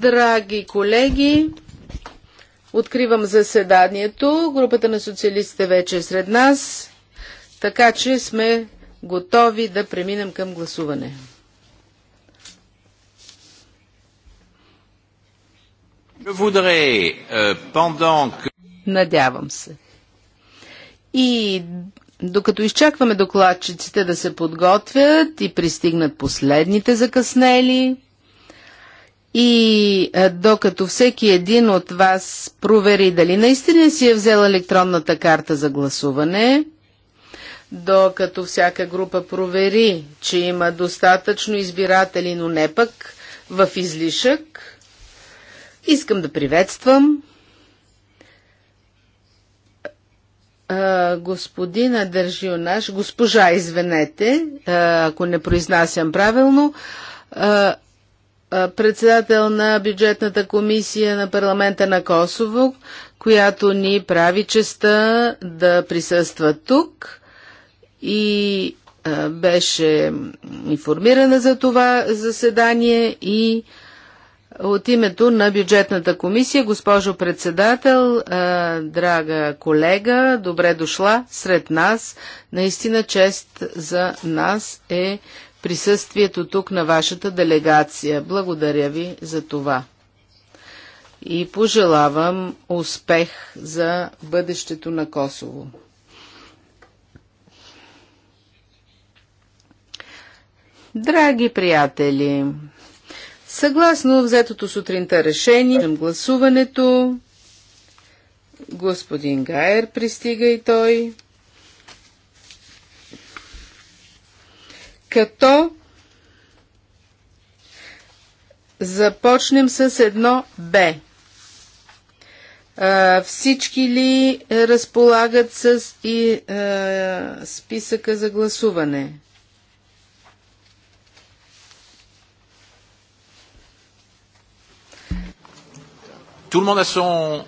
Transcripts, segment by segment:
Драги колеги, откривам заседанието. Групата на социалистите вече е сред нас, така че сме готови да преминем към гласуване. Euh, Надявам се. И докато изчакваме докладчиците да се подготвят и пристигнат последните закъснели, и е, докато всеки един от вас провери дали наистина си е взел електронната карта за гласуване, докато всяка група провери, че има достатъчно избиратели, но не пък в излишък, искам да приветствам господина Държионаш, госпожа, извинете, ако не произнасям правилно, председател на бюджетната комисия на парламента на Косово, която ни прави честа да присъства тук и беше информирана за това заседание и от името на бюджетната комисия, госпожо председател, драга колега, добре дошла сред нас. Наистина чест за нас е присъствието тук на вашата делегация. Благодаря ви за това. И пожелавам успех за бъдещето на Косово. Драги приятели, Съгласно взетото сутринта решение към гласуването, господин Гайер пристига и той, като започнем с едно Б. Всички ли разполагат с и, а, списъка за гласуване? Tout le monde a son...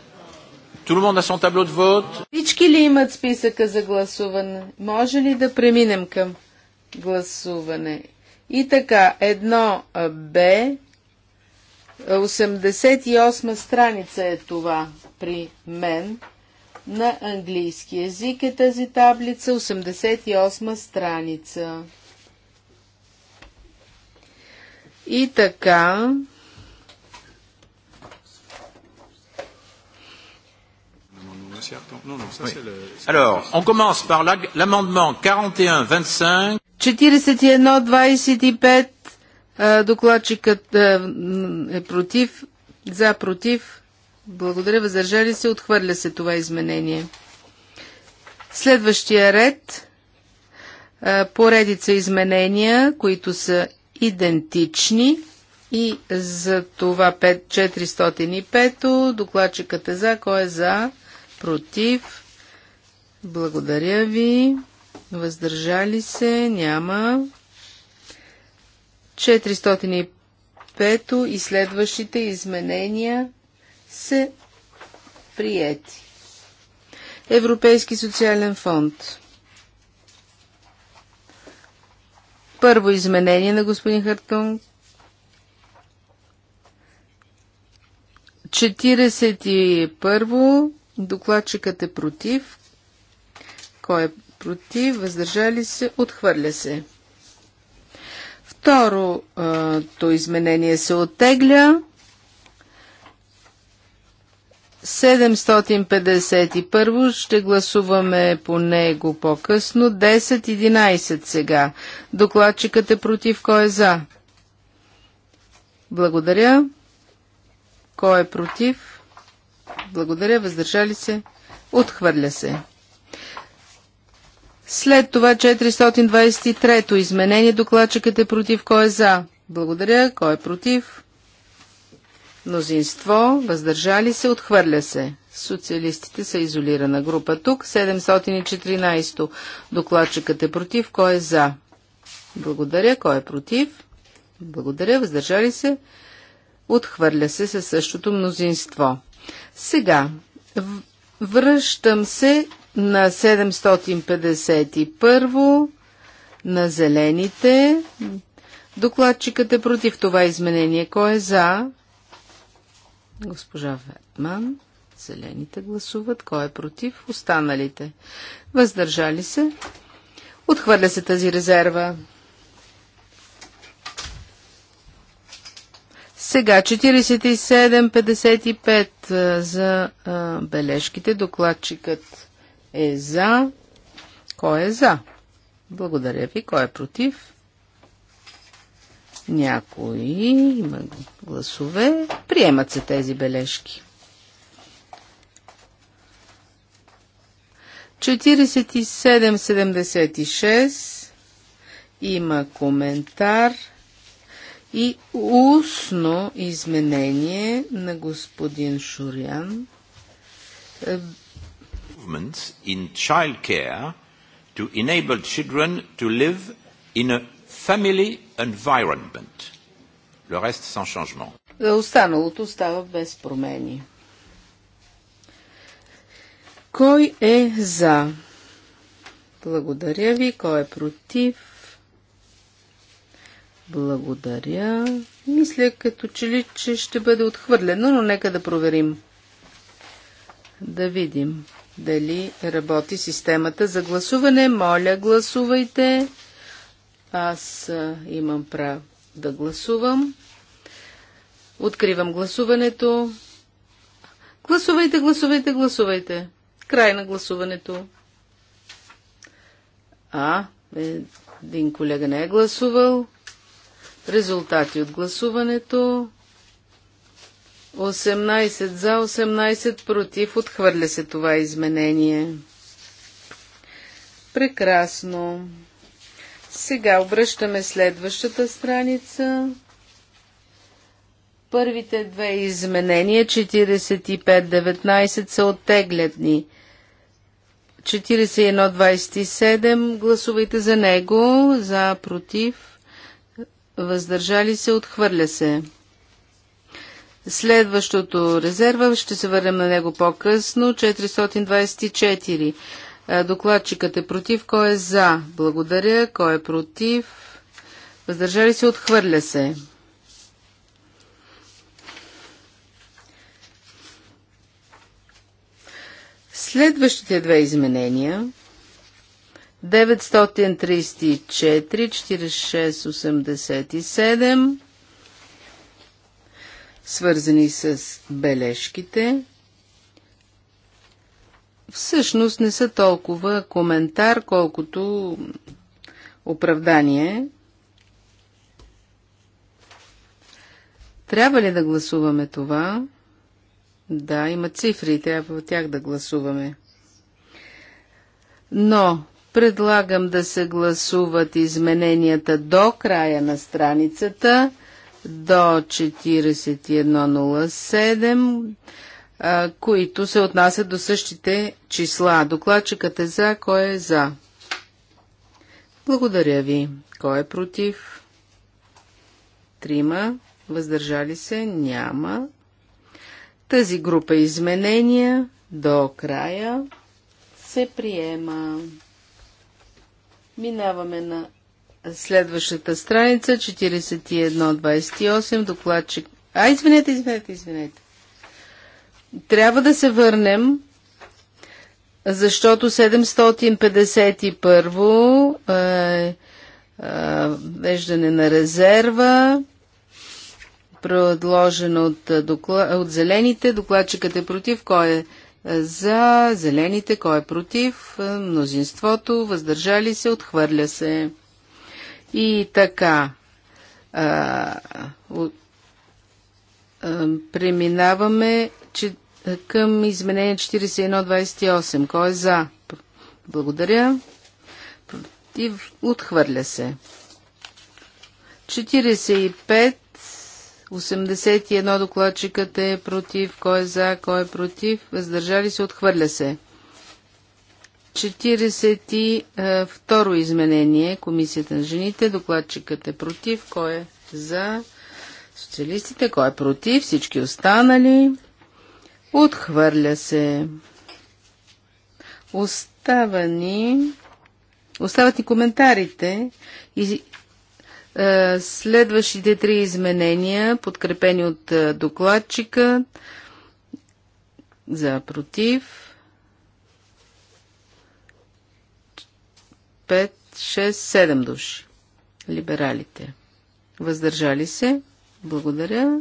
Tout le monde a son tableau de vote. Всички ли имат списъка за гласуване? Може ли да преминем към гласуване? И така, едно Б, 88 страница е това при мен. На английски язик е тази таблица, 88 страница. И така, Alors, on commence par l'amendement 41-25. 41-25. Докладчикът е против. За, против. Благодаря. Въздържали се. Отхвърля се това изменение. Следващия ред. Поредица изменения, които са идентични. И за това 405 докладчикът е за. Кой е за? против, благодаря ви, въздържали се, няма. 405 и следващите изменения се приети. Европейски социален фонд. Първо изменение на господин Хартун. 41 Докладчикът е против. Кой е против? Въздържали се? Отхвърля се. Второто изменение се оттегля. 751 ще гласуваме по него по-късно. 10-11 сега. Докладчикът е против. Кой е за? Благодаря. Кой е против? Благодаря. Въздържали се. Отхвърля се. След това 423-то изменение. Докладчикът е против. Кой е за? Благодаря. Кой е против? Мнозинство. Въздържали се. Отхвърля се. Социалистите са изолирана група. Тук 714-то. Докладчикът е против. Кой е за? Благодаря. Кой е против? Благодаря. Въздържали се. Отхвърля се със същото мнозинство. Сега, връщам се на 751 на зелените. Докладчикът е против това изменение. Кой е за? Госпожа Ветман. Зелените гласуват. Кой е против? Останалите. Въздържали се. Отхвърля се тази резерва. Сега 47.55 за а, бележките. Докладчикът е за. Кой е за? Благодаря ви. Кой е против? Някои има гласове. Приемат се тези бележки. 47.76 има коментар – и устно изменение на господин Шурян. In child care to enable children to live in a family environment. Le reste sans changement. Останалото става без промени. Кой е за? Благодаря ви. Кой е против? Благодаря. Мисля като че ли, че ще бъде отхвърлено, но нека да проверим. Да видим дали работи системата за гласуване. Моля, гласувайте. Аз имам право да гласувам. Откривам гласуването. Гласувайте, гласувайте, гласувайте. Край на гласуването. А, е, един колега не е гласувал. Резултати от гласуването. 18 за, 18 против. Отхвърля се това изменение. Прекрасно. Сега обръщаме следващата страница. Първите две изменения 45-19 са оттегледни. 41-27 гласувайте за него, за против въздържали се, отхвърля се. Следващото резерва, ще се върнем на него по-късно, 424. Докладчикът е против, кой е за? Благодаря, кой е против? Въздържали се, отхвърля се. Следващите две изменения – 934-4687, свързани с бележките, всъщност не са толкова коментар, колкото оправдание. Трябва ли да гласуваме това? Да, има цифри, трябва в тях да гласуваме. Но Предлагам да се гласуват измененията до края на страницата, до 41.07, които се отнасят до същите числа. Докладчикът е за, кой е за. Благодаря ви. Кой е против? Трима. Въздържали се? Няма. Тази група изменения до края се приема. Минаваме на следващата страница, 41-28, докладчик. А, извинете, извинете, извинете. Трябва да се върнем, защото 751 е, е, веждане на резерва, предложено от, е, от зелените, докладчикът е против, кой е за, зелените, кой е против, е, мнозинството, въздържали се, отхвърля се. И така, а, у, а, преминаваме че, към изменение 4128. Кой е за? Благодаря. Против, отхвърля се. 45 81 докладчикът е против, кой е за, кой е против, въздържали се, отхвърля се. 42 изменение, комисията на жените, докладчикът е против, кой е за, социалистите, кой е против, всички останали, отхвърля се. Остава ни... Остават ни коментарите и е, следващите три изменения, подкрепени от е, докладчика, за против, 5, 6, 7 души. Либералите. Въздържали се. Благодаря.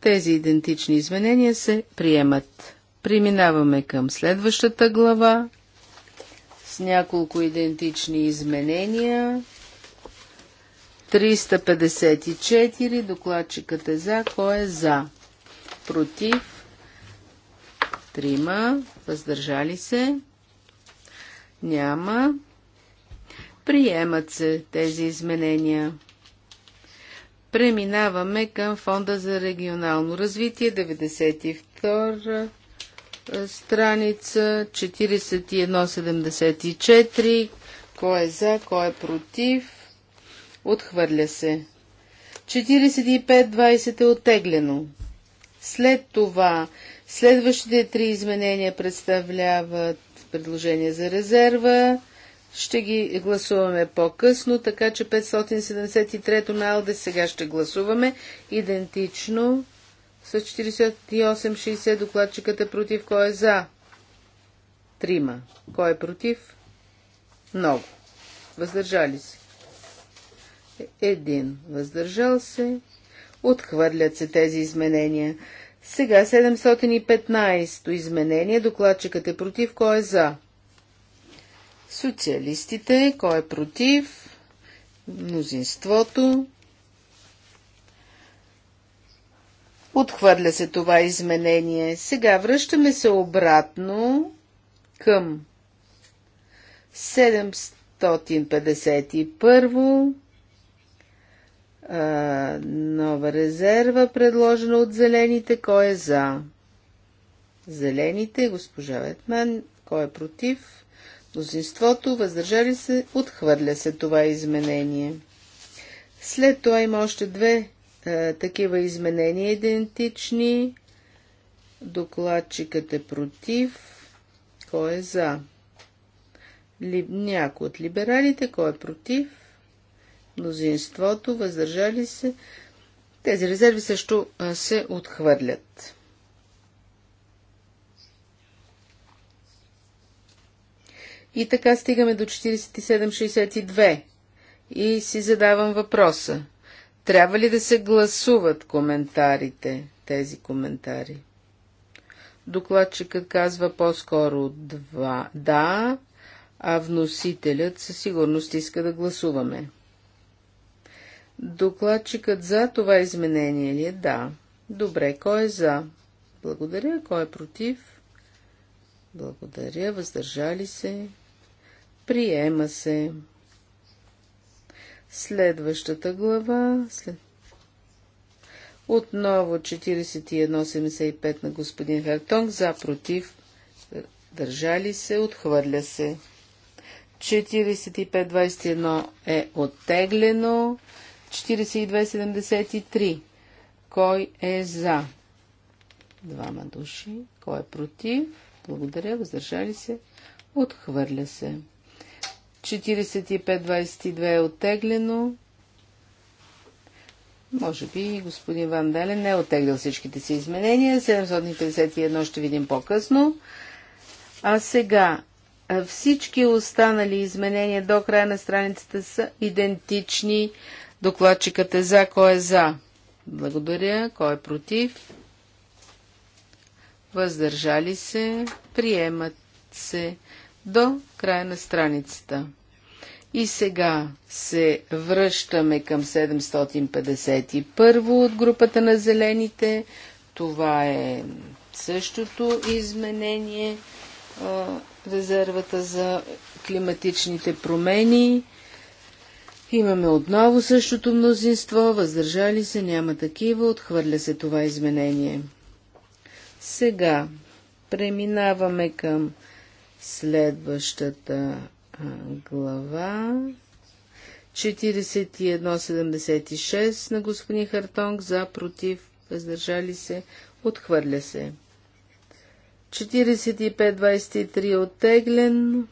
Тези идентични изменения се приемат. Преминаваме към следващата глава с няколко идентични изменения 354. Докладчикът е за. Кой е за? Против. Трима. Въздържали се. Няма. Приемат се тези изменения. Преминаваме към Фонда за регионално развитие, 92 страница, 4174. Кой е за, кой е против? Отхвърля се. 45-20 е отеглено. След това следващите три изменения представляват предложение за резерва. Ще ги гласуваме по-късно, така че 573 на Алде сега ще гласуваме. Идентично с 48-60 докладчикът е против. Кой е за? Трима. Кой е против? Много. Въздържали се. Един. Въздържал се. Отхвърлят се тези изменения. Сега 715-то изменение. Докладчикът е против. Кой е за? Социалистите. Кой е против? Мнозинството. Отхвърля се това изменение. Сега връщаме се обратно към 751 а, нова резерва, предложена от зелените. Кой е за? Зелените, госпожа Ветман. Кой е против? Мнозинството, въздържали се, отхвърля се това изменение. След това има още две а, такива изменения идентични. Докладчикът е против. Кой е за? Ли, някой от либералите, кой е против? мнозинството, въздържали се. Тези резерви също се отхвърлят. И така стигаме до 4762 и си задавам въпроса. Трябва ли да се гласуват коментарите, тези коментари? Докладчикът казва по-скоро два. Да, а вносителят със сигурност иска да гласуваме. Докладчикът за това изменение ли е? Да. Добре, кой е за? Благодаря. Кой е против? Благодаря. Въздържали се. Приема се. Следващата глава. След... Отново 41.75 на господин Хартонг. За, против. Държали се. Отхвърля се. 45.21 е оттеглено. 4273. Кой е за? Двама души. Кой е против? Благодаря. Въздържали се. Отхвърля се. 45-22 е оттеглено. Може би господин Ван Дален не е оттеглил всичките си изменения. 751 ще видим по-късно. А сега всички останали изменения до края на страницата са идентични Докладчикът е за. Кой е за? Благодаря. Кой е против? Въздържали се. Приемат се до края на страницата. И сега се връщаме към 751 от групата на зелените. Това е същото изменение. Резервата за климатичните промени. Имаме отново същото мнозинство, въздържали се, няма такива, отхвърля се това изменение. Сега преминаваме към следващата глава. 4176 на господин Хартонг за против, въздържали се, отхвърля се. 4523 оттеглен.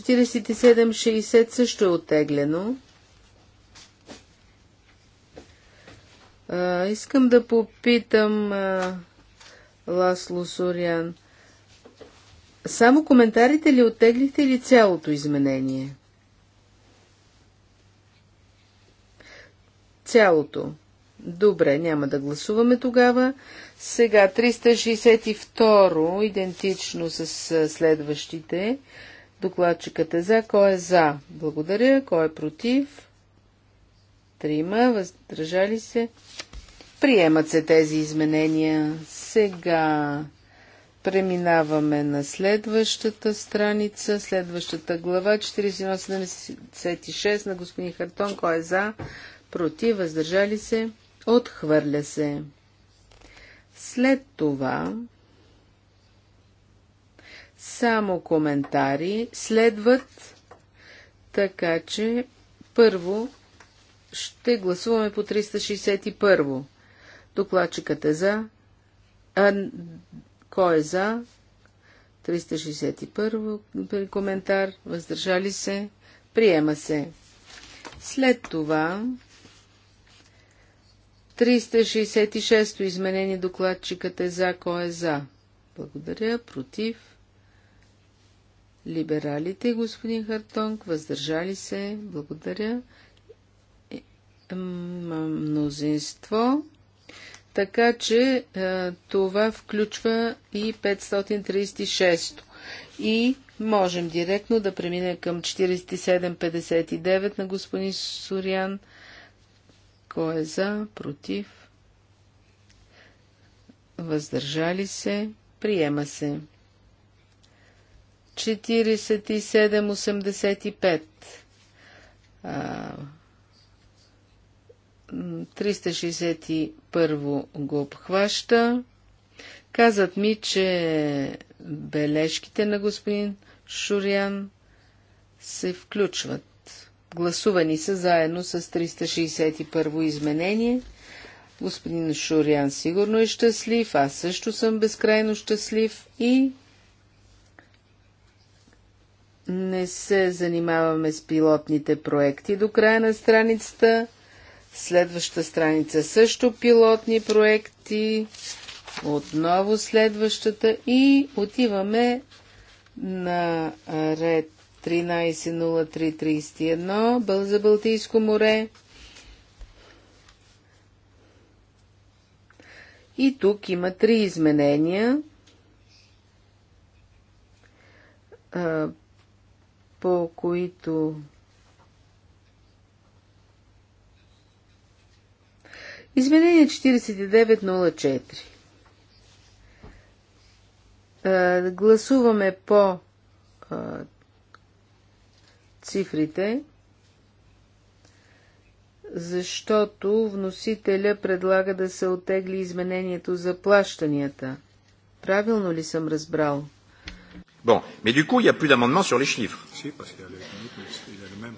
4760 също е оттеглено. А, искам да попитам а, Ласло Сориан. Само коментарите ли оттеглихте или цялото изменение? Цялото. Добре, няма да гласуваме тогава. Сега 362 идентично с следващите. Докладчикът е за. Кой е за? Благодаря. Кой е против? Трима. Въздържали се. Приемат се тези изменения. Сега преминаваме на следващата страница, следващата глава, 4176 на господин Хартон. Кой е за? Против? Въздържали се? Отхвърля се. След това само коментари следват, така че първо ще гласуваме по 361. Докладчикът е за. А, кой е за? 361 коментар. Въздържали се. Приема се. След това 366 изменени. изменение докладчикът е за. Кой е за? Благодаря. Против либералите, господин Хартонг, въздържали се, благодаря. Е, мнозинство. Така че е, това включва и 536. И можем директно да преминем към 4759 на господин Сурян. Кой е за, против? Въздържали се, приема се. 361 го обхваща. Казват ми, че бележките на господин Шурян се включват. Гласувани са заедно с 361 изменение. Господин Шурян сигурно е щастлив, аз също съм безкрайно щастлив и не се занимаваме с пилотните проекти до края на страницата. Следваща страница също пилотни проекти. Отново следващата и отиваме на ред 130331 за Балтийско море. И тук има три изменения по които Изменение 4904. гласуваме по цифрите, защото вносителя предлага да се отегли изменението за плащанията. Правилно ли съм разбрал? Bon, mais du coup, il n'y a plus d'amendement sur les chiffres. Si, parce qu'il y a il est le même.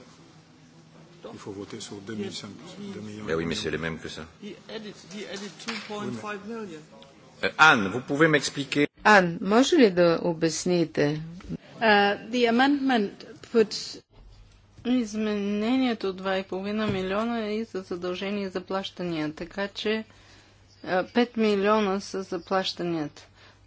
Il faut voter sur 2 millions. Mais oui, mais c'est le même que ça. Euh, Anne, vous pouvez m'expliquer. Anne, може ли да обясните? Uh, the amendment puts... Изменението 2,5 милиона и за задължение за плащания, така че 5 милиона са за плащанията.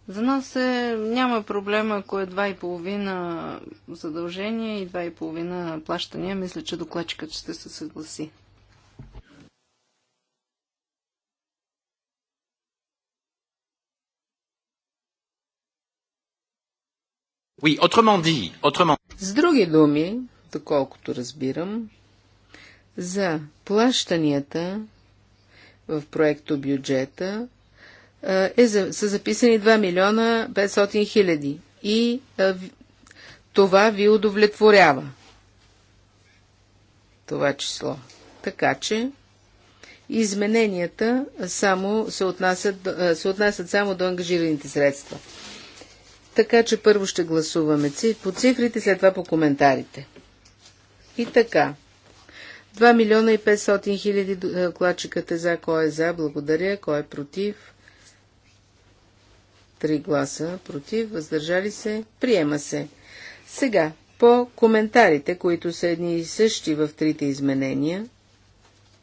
За нас е, няма проблема, ако е 2,5 задължение и 2,5 плащания. Мисля, че докладчикът ще се съгласи. Oui, autrement dit, autrement... С други думи, доколкото разбирам, за плащанията в проекто бюджета е, е са записани 2 милиона 500 хиляди и е, това ви удовлетворява. Това число. Така че измененията само се отнасят, е, се отнасят само до ангажираните средства. Така че първо ще гласуваме по цифрите, след това по коментарите. И така. 2 милиона и 500 хиляди е, докладчикът е за, кой е за, благодаря, кой е против. 3 гласа против, въздържали се, приема се. Сега, по коментарите, които са едни и същи в трите изменения,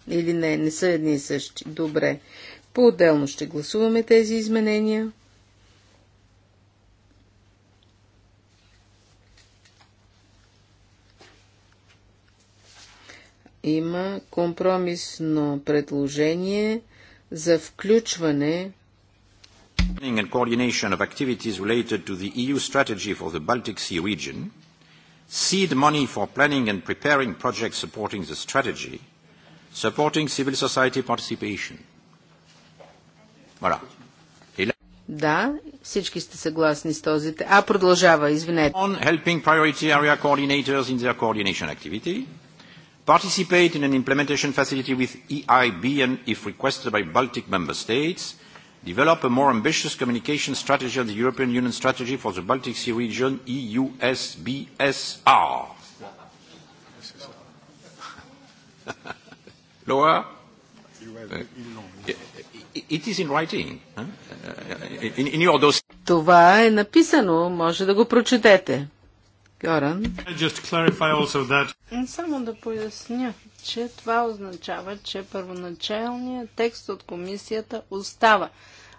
или не, не са едни и същи. Добре. По-отделно ще гласуваме тези изменения. Има компромисно предложение за включване and coordination of activities related to the EU strategy for the Baltic Sea region, seed money for planning and preparing projects supporting the strategy, supporting civil society participation. Voilà. Да, всички сте съгласни с този. А, продължава, извинете. On helping priority area coordinators in their coordination activity, participate in an implementation facility with EIB and if requested by Baltic member states, develop a more ambitious communication strategy on the European Union strategy for the Baltic Sea region, EUSBSR. Laura? It is in writing. In, in your dossier. Това е написано, може да го прочетете. Горан. Само да поясня, че това означава, че първоначалният текст от комисията остава.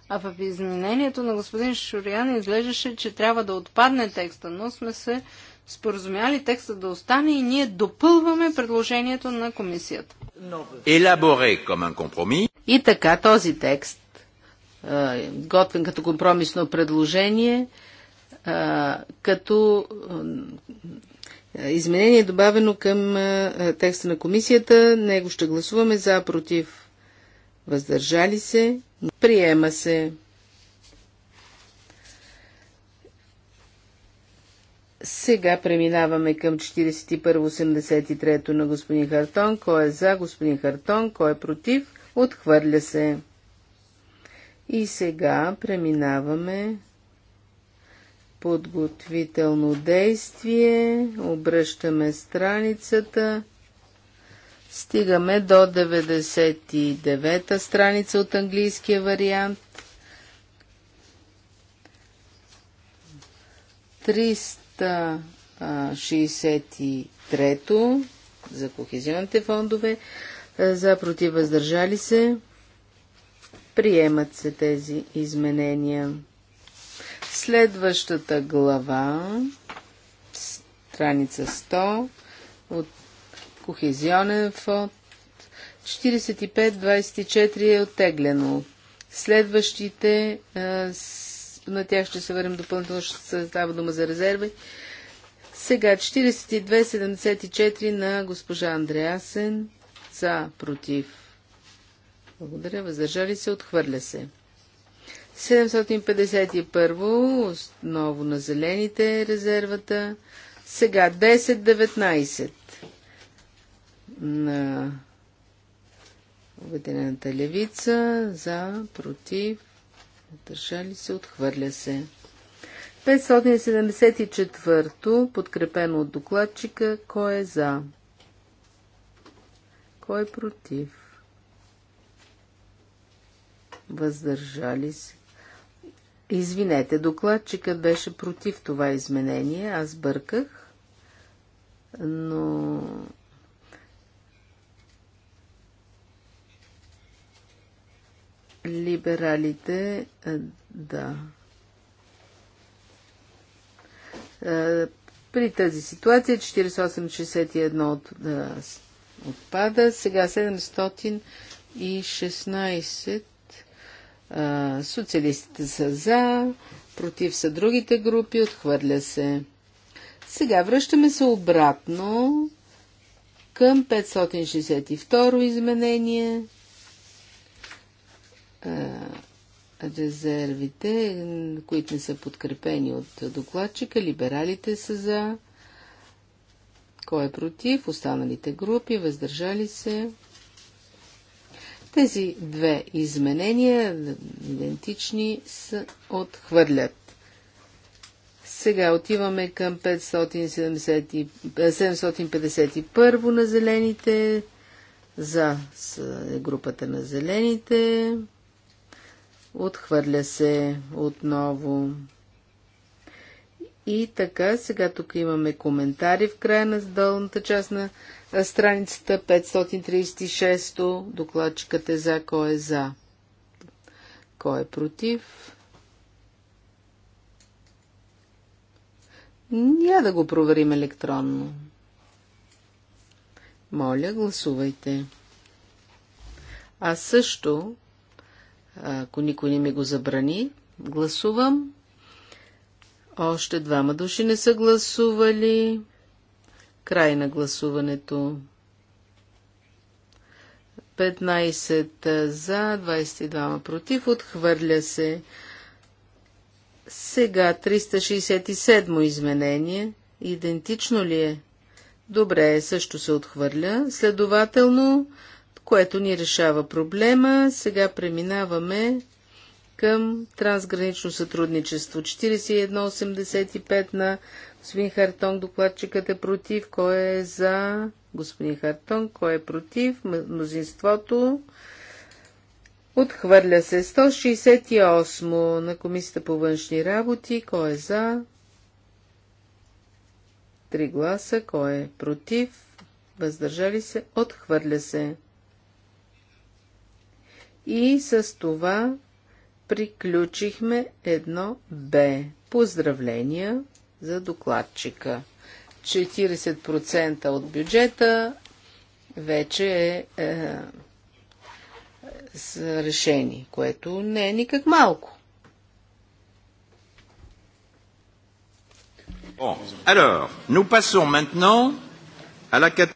А в изменението на господин Шурян изглеждаше, че трябва да отпадне текста, но сме се споразумяли текста да остане и ние допълваме предложението на комисията. Елаборе компромис. И така този текст, готвен като компромисно предложение, като изменение е добавено към текста на комисията, него ще гласуваме за, против, въздържали се. Приема се. Сега преминаваме към 41.83 на господин Хартон. Кой е за господин Хартон? Кой е против? Отхвърля се. И сега преминаваме подготвително действие. Обръщаме страницата. Стигаме до 99-та страница от английския вариант. 363 за кохезионните фондове, е, за против въздържали се. Приемат се тези изменения. Следващата глава, страница 100 от Кохезионен фонд. 45-24 е оттеглено. Следващите, на тях ще се върнем допълнително, ще става дума за резерви. Сега 42-74 на госпожа Андреасен за против. Благодаря, въздържали се, отхвърля се. 751 основно на зелените резервата. Сега 10 на Обединената левица за, против, държали се, отхвърля се. 574-то, подкрепено от докладчика, кой е за? Кой е против? Въздържали се. Извинете, докладчикът беше против това изменение, аз бърках, но либералите, е, да. Е, при тази ситуация 4861 от, да, е, отпада, сега 716 социалистите са за, против са другите групи, отхвърля се. Сега връщаме се обратно към 562 изменение резервите, които не са подкрепени от докладчика. Либералите са за. Кой е против? Останалите групи, въздържали се. Тези две изменения, идентични, са отхвърлят. Сега отиваме към 570, 751 на зелените. За е, групата на зелените. Отхвърля се отново. И така, сега тук имаме коментари в края на долната част на страницата 536. Докладчикът е за, кой е за, кой е против. Няма да го проверим електронно. Моля, гласувайте. А също ако никой не ми го забрани. Гласувам. Още двама души не са гласували. Край на гласуването. 15 за, 22 против, отхвърля се. Сега 367 изменение. Идентично ли е? Добре, също се отхвърля. Следователно, което ни решава проблема. Сега преминаваме към трансгранично сътрудничество. 4185 на господин Хартон, докладчикът е против. Кой е за? Господин Хартон, кой е против? Мнозинството. Отхвърля се 168 на Комисията по външни работи. Кой е за? Три гласа. Кой е против? Въздържали се? Отхвърля се. И с това приключихме едно Б. Поздравления за докладчика. 40% от бюджета вече е, е с решени, което не е никак малко.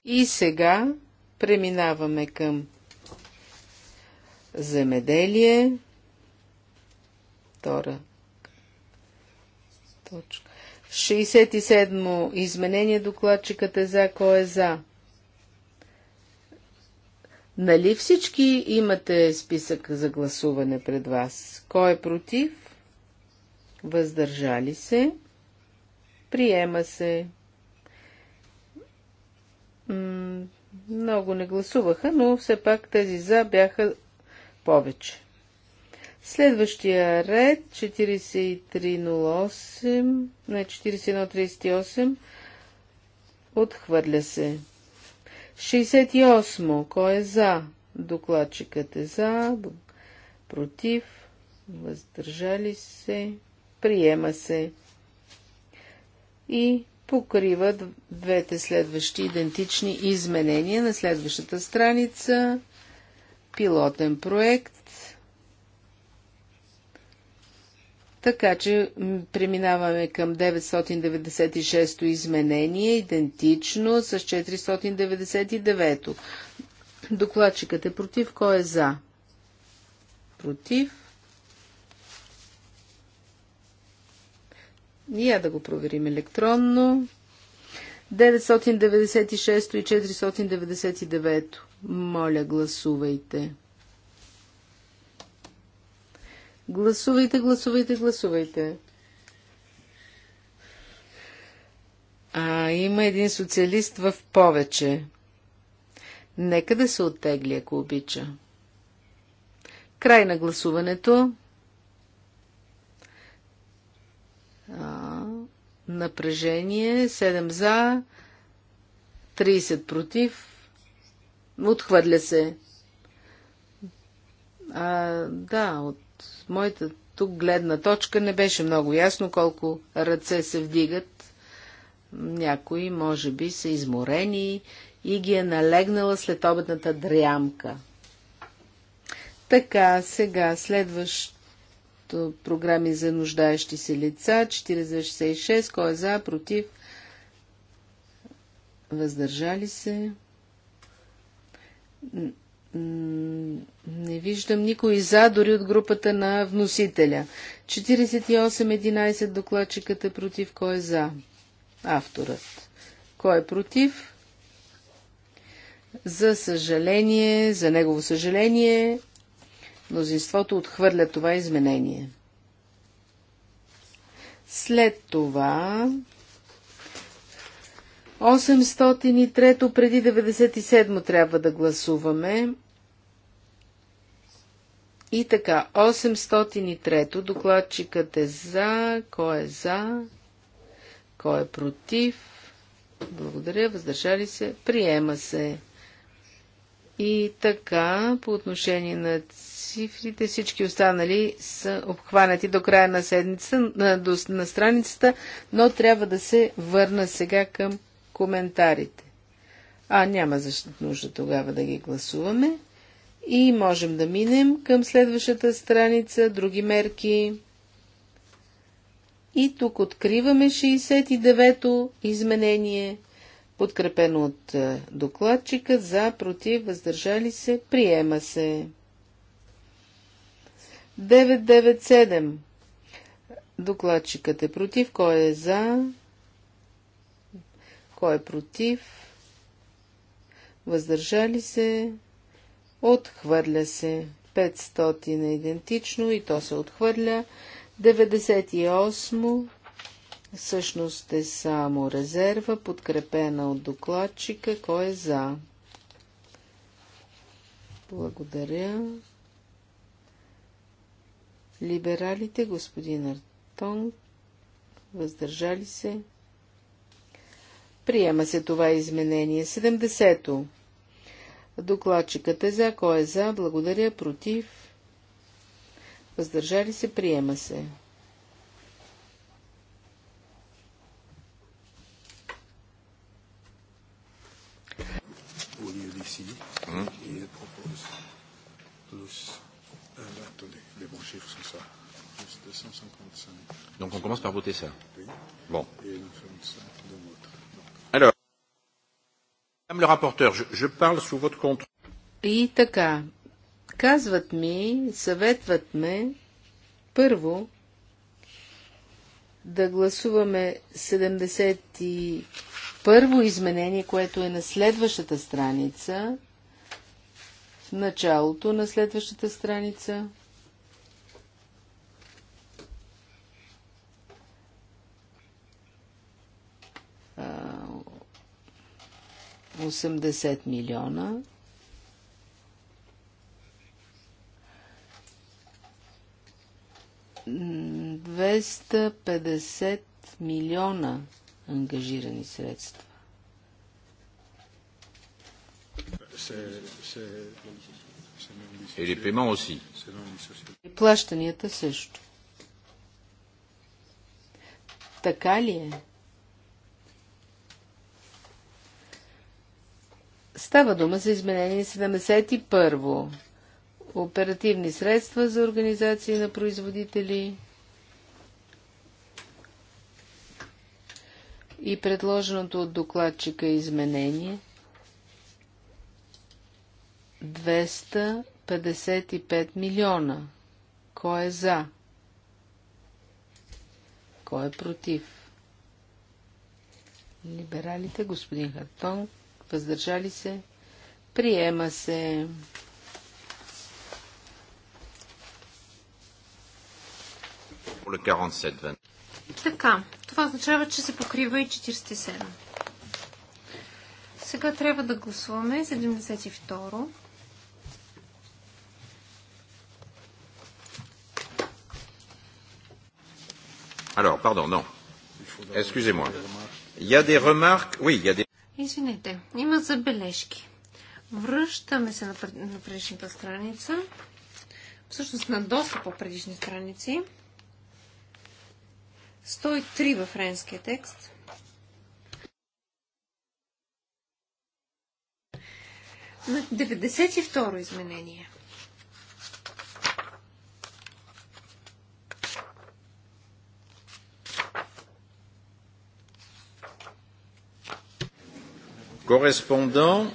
И сега преминаваме към Земеделие. Втора точка. 67-мо изменение докладчикът е за, кой е за? Нали всички имате списък за гласуване пред вас? Кой е против? Въздържали се? Приема се. М много не гласуваха, но все пак тези за бяха повече. Следващия ред 4308, не 4138, отхвърля се. 68. Кой е за? Докладчикът е за, против, въздържали се, приема се. И покриват двете следващи идентични изменения на следващата страница пилотен проект, така че преминаваме към 996-то изменение, идентично с 499-то. Докладчикът е против, кой е за? Против. Ние да го проверим електронно. 996 то и 499. то моля, гласувайте. Гласувайте, гласувайте, гласувайте. А, има един социалист в повече. Нека да се оттегли, ако обича. Край на гласуването. А, напрежение. 7 за, 30 против, Отхвърля се. А, да, от моята тук гледна точка не беше много ясно колко ръце се вдигат. Някои, може би, са изморени и ги е налегнала след обедната дрямка. Така, сега следващо програми за нуждаещи се лица, 466, кой е за, против, въздържали се. Не виждам никой за, дори от групата на вносителя. 48-11 докладчикът е против. Кой е за? Авторът. Кой е против? За съжаление, за негово съжаление, мнозинството отхвърля това изменение. След това 803 преди 97 трябва да гласуваме. И така, 803 докладчикът е за, кой е за, кой е против. Благодаря, въздържали се, приема се. И така, по отношение на цифрите, всички останали са обхванати до края на седмица, на, до, на страницата, но трябва да се върна сега към коментарите. А няма защо нужда тогава да ги гласуваме. И можем да минем към следващата страница, други мерки. И тук откриваме 69-то изменение, подкрепено от е, докладчика за, против, въздържали се, приема се. 997. Докладчикът е против, кой е за, кой е против? Въздържали се? Отхвърля се. 500 е идентично и то се отхвърля. 98 всъщност е само резерва, подкрепена от докладчика. Кой е за? Благодаря. Либералите, господин Артон, въздържали се, Приема се това изменение. 70-то. Докладчикът е за. Кой е за? Благодаря. Против. Въздържали се. Приема се. Hmm? Uh, Donc on commence par voter ça. Bon. И така, казват ми, съветват ме, първо, да гласуваме 71-во изменение, което е на следващата страница, в началото на следващата страница. 80 милиона. Двеста милиона ангажирани средства. И плащанията също. Така ли е? Става дума за изменение 71. Оперативни средства за организации на производители и предложеното от докладчика изменение 255 милиона. Кой е за? Кой е против? Либералите, господин Хартонг въздържали се, приема се. Така, това означава, че се покрива и 47. Сега трябва да гласуваме 72. Alors, pardon, non. Excusez-moi. Il y a des remarques. Oui, il y a des. Извинете, има забележки. Връщаме се на, пред... на предишната страница. Всъщност на доста по-предишни страници. 103 във френския текст. На 92 изменение. correspondant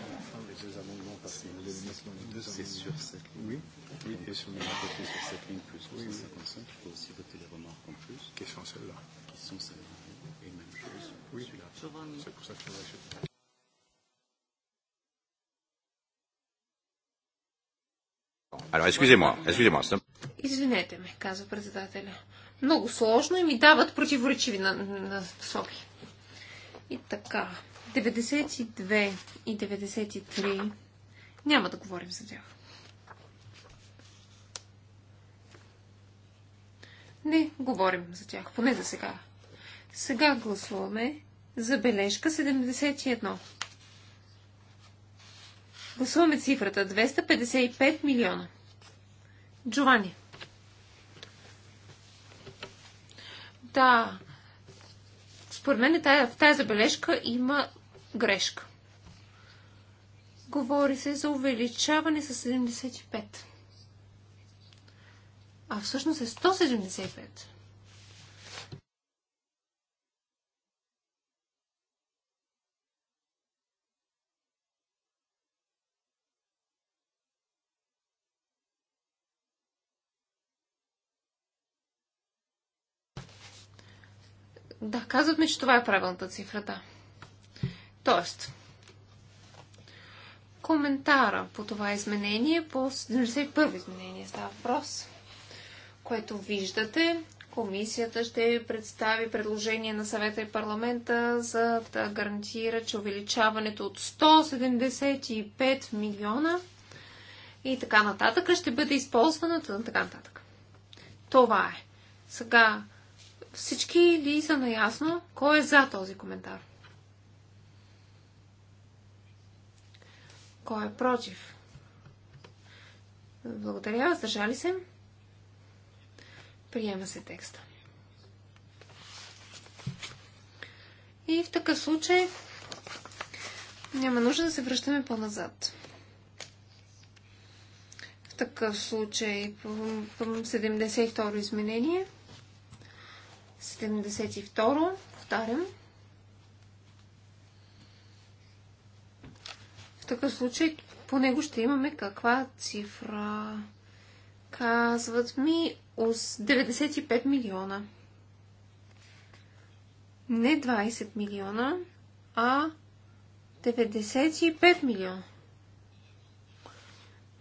Alors, excusez-moi, excusez-moi. Извинете ме, каза председателя. Много сложно и ми дават противоречиви на, на, на соки. И така. 92 и 93 няма да говорим за тях. Не говорим за тях, поне за сега. Сега гласуваме забележка 71. Гласуваме цифрата 255 милиона. Джовани. Да. Според мен в тази забележка има грешка. Говори се за увеличаване с 75. А всъщност е 175. Да, казват ми, че това е правилната цифра, да. Тоест, коментара по това изменение, по 71 изменение става въпрос, което виждате. Комисията ще представи предложение на съвета и парламента за да гарантира, че увеличаването от 175 милиона и така нататък ще бъде използвано така нататък. Това е. Сега всички ли са наясно кой е за този коментар? Кой е против? Благодаря. Въздържали се? Приема се текста. И в такъв случай няма нужда да се връщаме по-назад. В такъв случай 72 изменение. 72 повтарям. такъв случай по него ще имаме каква цифра? Казват ми 95 милиона. Не 20 милиона, а 95 милиона.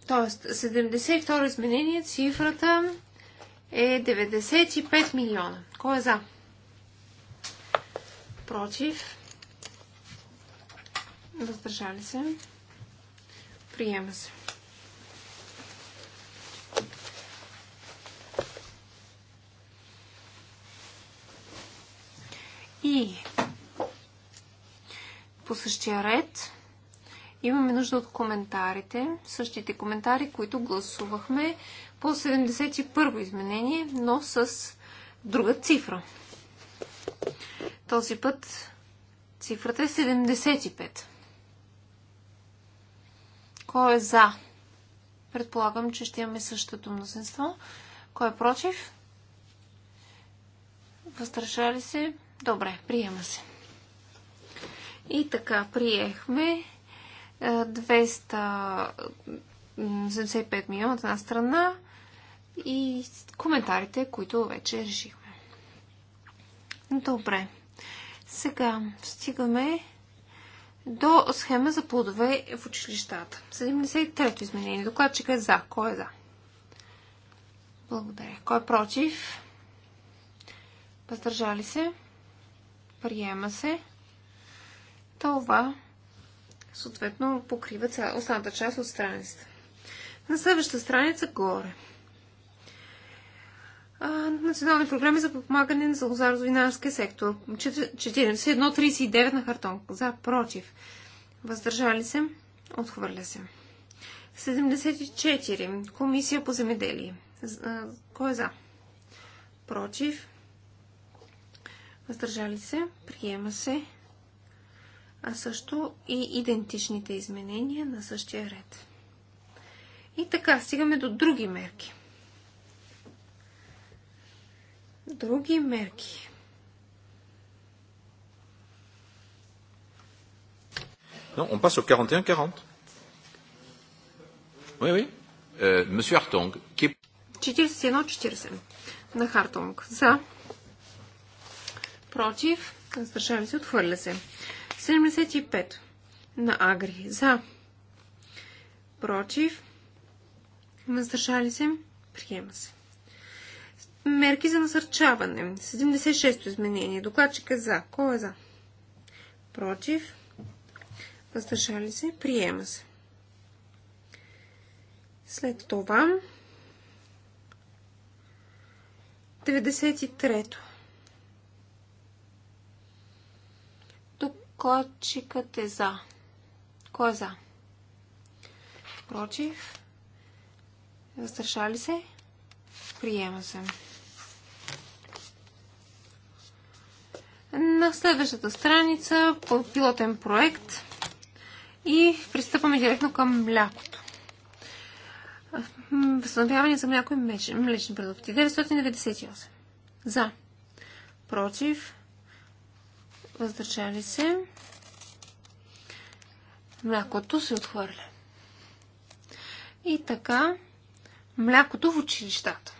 Тоест, 72 изменение, цифрата е 95 милиона. Кой е за? Против? Въздържали се? Приема се. И по същия ред имаме нужда от коментарите, същите коментари, които гласувахме по 71 во изменение, но с друга цифра. Този път цифрата е 75. Кой е за? Предполагам, че ще имаме същото мнозинство. Кой е против? ли се? Добре, приема се. И така, приехме 275 е, милиона от една страна и коментарите, които вече решихме. Добре. Сега стигаме до схема за плодове в училищата. 73-то изменение. Докладчика е за. Кой е за? Благодаря. Кой е против? Въздържали се? Приема се. Това съответно покрива останата част от страницата. На следващата страница горе национални програми за подпомагане на лозаро-винарския сектор. 41.39 на Хартон. За, против. Въздържали се. Отхвърля се. 74. Комисия по земеделие. Кой е за? Против. Въздържали се. Приема се. А също и идентичните изменения на същия ред. И така, стигаме до други мерки други мерки. Но, on passe au 41-40. Oui, oui. Euh, Monsieur Hartong, qui est... 41-40 на Хартонг. За. Против. Въздържали се. Отхвърля се. 75 на Агри. За. Против. Въздържали се. Приема се. Мерки за насърчаване. 76-то изменение. Докладчик е за. Кой е за? Против. Въздържали се. Приема се. След това 93-то. Докладчикът е за. Кой е за? Против. Въздържали се. Приема се. На следващата страница по пилотен проект и пристъпваме директно към млякото. Възстановяване за мляко и млечни продукти. 998. За. Против. Въздържали се. Млякото се отхвърля. И така, млякото в училищата.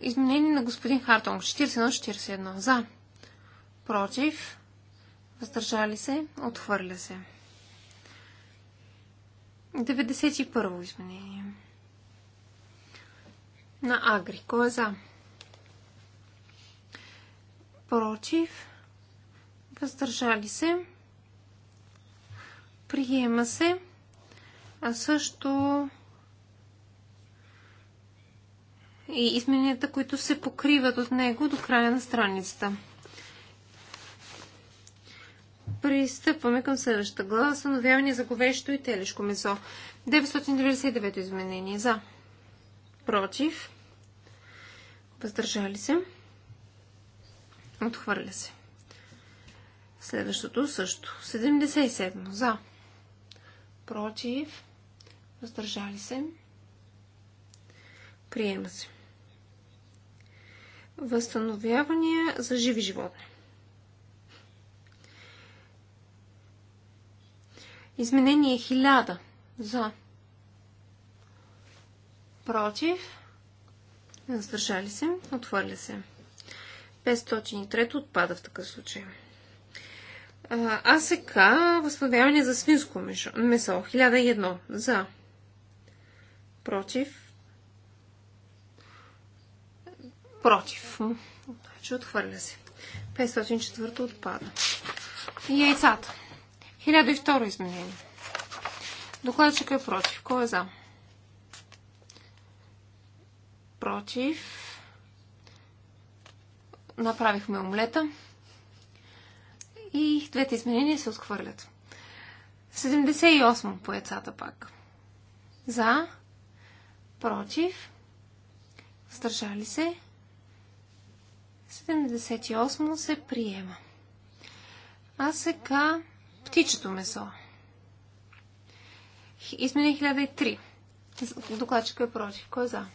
Изменение на господин Хартон, 41-41. За против, въздържали се, отхвърля се. 91 во изменение. На Агри. Кой е за? Против. Въздържали се. Приема се. А също и измененията, които се покриват от него до края на страницата. Пристъпваме към следващата глава. Съновяване за говещо и телешко месо. 999 изменение. За. Против. Въздържали се. Отхвърля се. Следващото също. 77. За. Против. Въздържали се. Приема се. Възстановявания за живи животни. Изменение 1000 за против, Задържали се, Отвърля се. 503 отпада в такъв случай. АСК възстановяване за свинско месо 1001 за против против. Значи отхвърля се. 504 отпада. яйцата. 1002 изменение. Докладчика е против. Кой е за? Против. Направихме омлета. И двете изменения се отхвърлят. 78 по яцата пак. За. Против. Сдържали се. 78 се приема. А сега птичето месо. Измене 1003. Докладчика е против. Кой е за?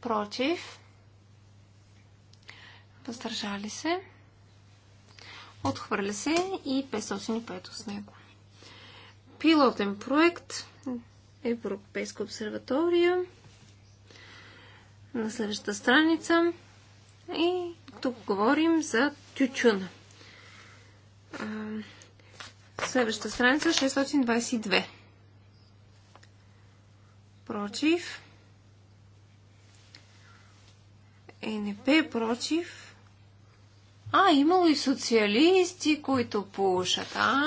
Против. Въздържали се. Отхвърля се и 505 с него. Пилотен проект Европейска обсерватория на следващата страница. И тук говорим за тючуна. Следващата страница 622. Против. ЕНП против. А, имало и социалисти, които пушат. А,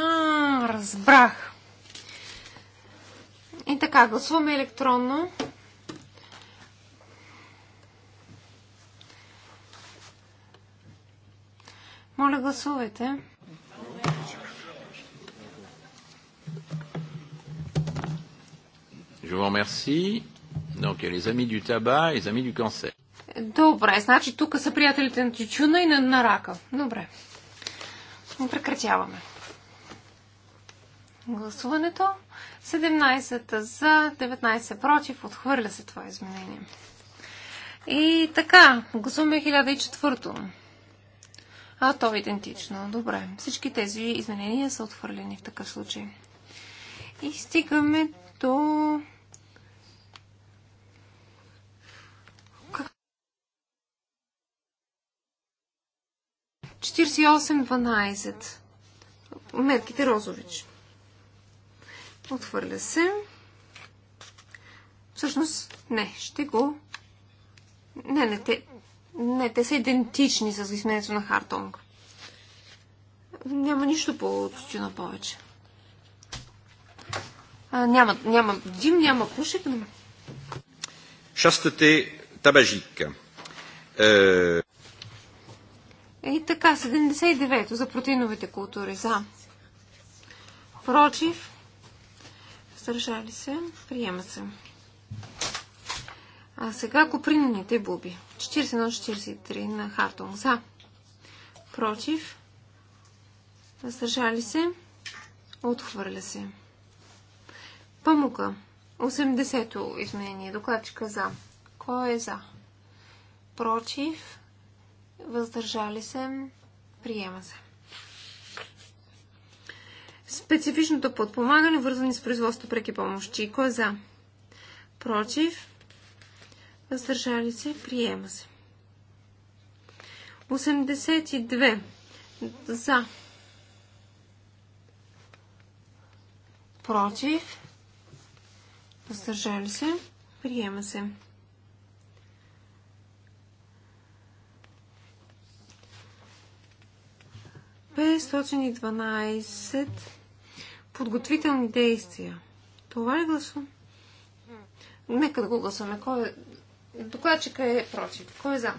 разбрах. И така, гласуваме електронно. Моля, гласувайте. Je vous remercie. Donc, les amis du tabac, les amis du cancer. Добре, значи тук са приятелите на тютюна и на, на рака. Добре. Прекратяваме. Гласуването. 17 за, 19 против. Отхвърля се това изменение. И така, гласуваме 1004. А то е идентично. Добре. Всички тези изменения са отхвърлени в такъв случай. И стигаме до 48-12. Мерките Розович. Отхвърля се. Всъщност, не, ще го... Не, не, те... Не, те са идентични с изменението на Хартонг. Няма нищо по тютюна повече. А, няма, няма дим, няма пушек. Шастате табажика. Е... И така, 79-то за протеиновите култури. За. Против. Сдържали се. Приема се. А сега копринените буби. 41-43 на Хартунг. За. Против. Въздържали се. Отхвърля се. Памука. 80-то изменение. Докладчика за. Кой е за? Против въздържали се, приема се. Специфичното подпомагане, вързани с производство преки помощи. Кой е за? Против, въздържали се, приема се. 82 за. Против, въздържали се, приема се. 512 подготвителни действия. Това ли е гласувам? Нека да го гласуваме. Кой е... Докладчика е против. Кой е за?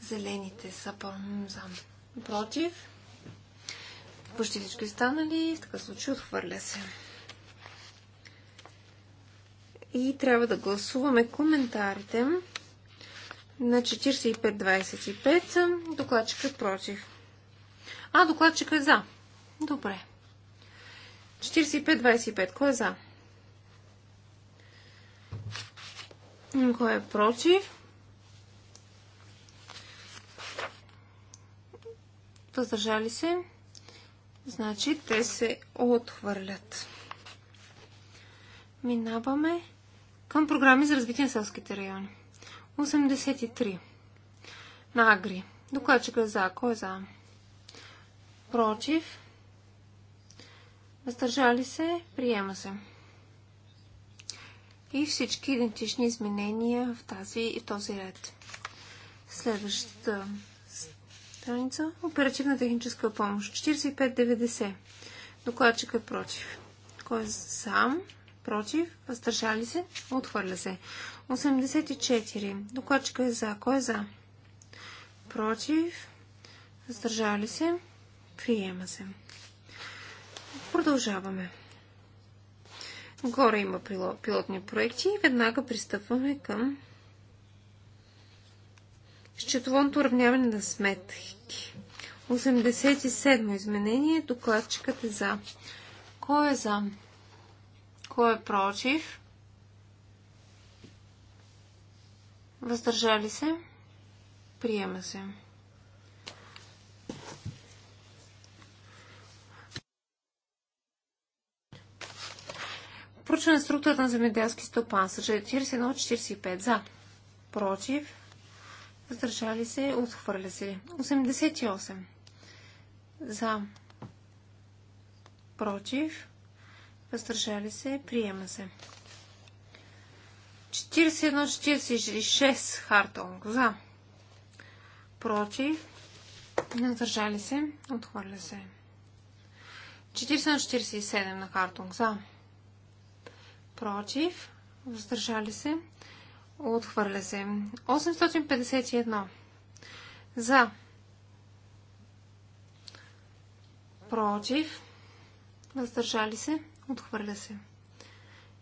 Зелените са за. Против. Почти всички станали. В така случай отхвърля се. И трябва да гласуваме коментарите на 45-25. Докладчик е против. А, докладчик е за. Добре. 45-25. Кой е за? Кой е против? Въздържали се? Значи те се отхвърлят. Минаваме към програми за развитие на селските райони. 83. На Агри. Докладчик е за. Кой е за? Против. Въздържали се. Приема се. И всички идентични изменения в, тази, и в този ред. Следващата страница. Оперативна техническа помощ. 4590. Докладчик е против. Кой е за? Против. Въздържали се. Отхвърля се. 84. Докладчика е за. Кой е за? Против. Сдържали се. Приема се. Продължаваме. Горе има пилотни проекти и веднага пристъпваме към счетоводното уравняване на сметки. 87 изменение. Докладчикът е за. Кой е за? Кой е против? Въздържали се. Приема се. Проучване структурата на земеделски стопанства. 41-45 за. Против. Въздържали се. Отхвърля се. 88 за. Против. Въздържали се. Приема се. 41-46 Хартонг за. Против. Надържали се. Отхвърля се. 41-47 на Хартонг за. Против. Въздържали се. Отхвърля се. 851 за. Против. Въздържали се. Отхвърля се.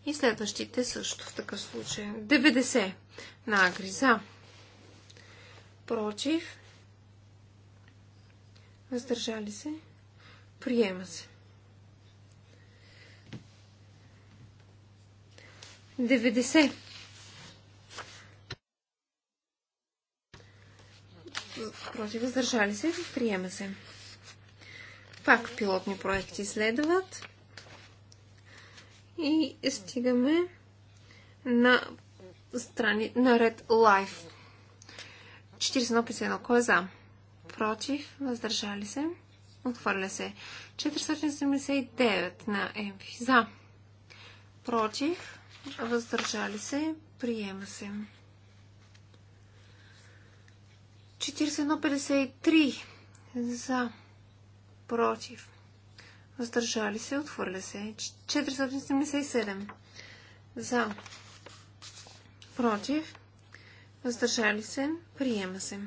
И следващите също в такъв случай. 90 на Агри за. Против. Въздържали се. Приема се. 90. Против въздържали се. Приема се. Пак пилотни проекти следват. И стигаме на, страни, на ред Life. 4151. Кой е за? Против. Въздържали се. Отхвърля се. 479 на МВ. За. Против. Въздържали се. Приема се. 4153 за. Против. Въздържали се, отхвърля се. 477 за. Против. Въздържали се, приема се.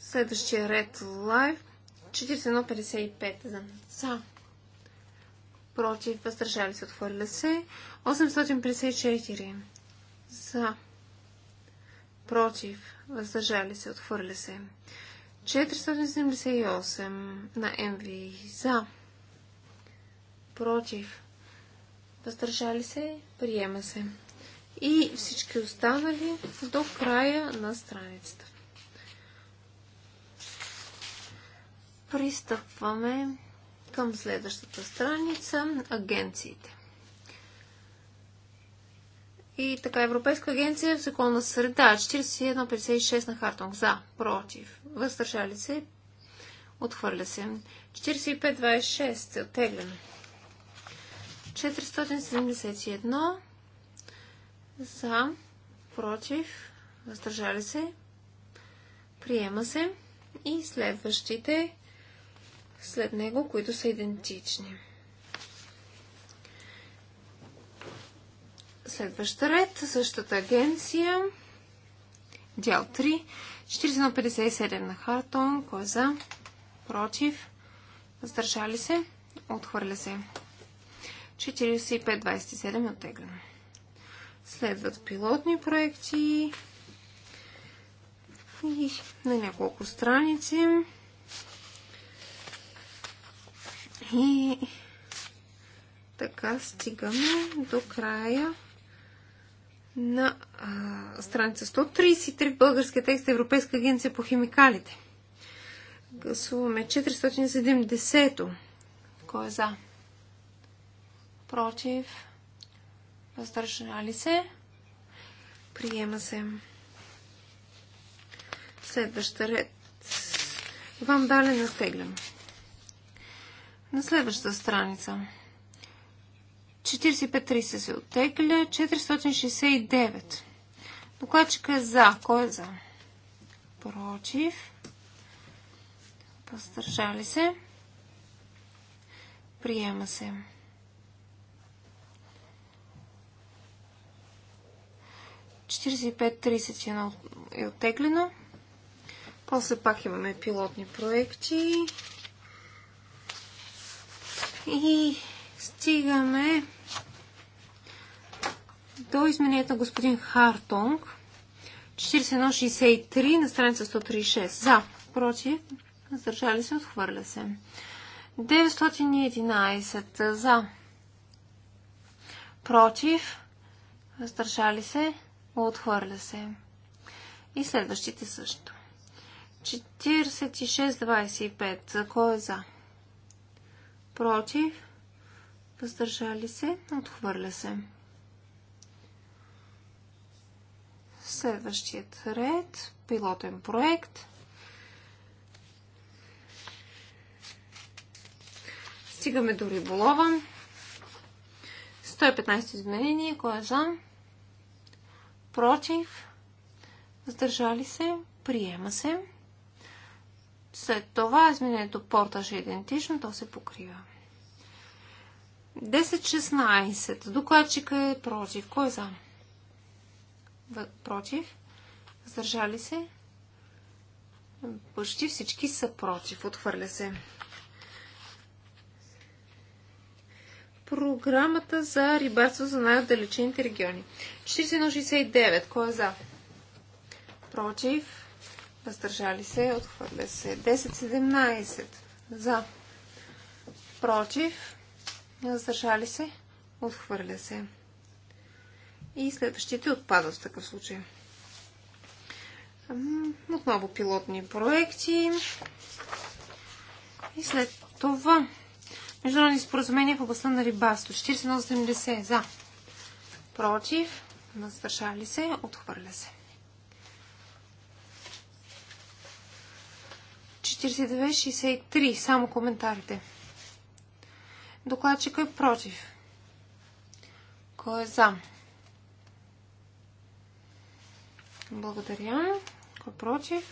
Следващия ред лайв 4155 за. Против. Въздържали се, отхвърля се. 854 за. Против. Въздържали се, отхвърля се. 478 на МВ за. Против. Въздържали се. Приема се. И всички останали до края на страницата. Пристъпваме към следващата страница. Агенциите. И така, Европейска агенция в законна среда, 4156 на Хартонг, за, против, въздържали се, отхвърля се. 4526, оттегляме. 471, за, против, въздържали се, приема се. И следващите след него, които са идентични. Следващ ред, същата агенция. Дял 3. 4157 на Хартон. Кой е за? Против. Въздържали се. Отхвърля се. 4527 е оттеглено. Следват пилотни проекти и на няколко страници. И така стигаме до края на а, страница 133 българския текст Европейска агенция по химикалите. Гласуваме 470-то. Кой е за? Против? Въздържали се? Приема се. Следваща ред. Вам дали е На следващата страница. 45.30 се оттегля. 469. Докладчика е за. Кой е за? Против. Въздържали се. Приема се. е оттеглено. После пак имаме пилотни проекти. И стигаме до изменението на господин Хартонг. 4163 на страница 136. За. Против. Въздържали се. Отхвърля се. 911 за. Против. Въздържали се. Отхвърля се. И следващите също. 4625. Кой е за? Против. Въздържали се. Отхвърля се. Следващият ред пилотен проект. Стигаме до риболова. 115 изменения. Кой е за? Против. Сдържали се. Приема се. След това изменението портаж е идентично. То се покрива. 10-16. Докладчика е против. Кой е за? против, въздържали се. Почти всички са против, отхвърля се. Програмата за рибарство за най-отдалечените региони. 4169. Кой е за? Против. Въздържали се. Отхвърля се. 1017. За. Против. Въздържали се. Отхвърля се и следващите отпадат в такъв случай. Отново пилотни проекти. И след това международни споразумения в областта на рибарство. 4170 за. Против. ли се. Отхвърля се. 49-63. Само коментарите. Докладчика е против. Кой е за? Благодаря. Кой е против?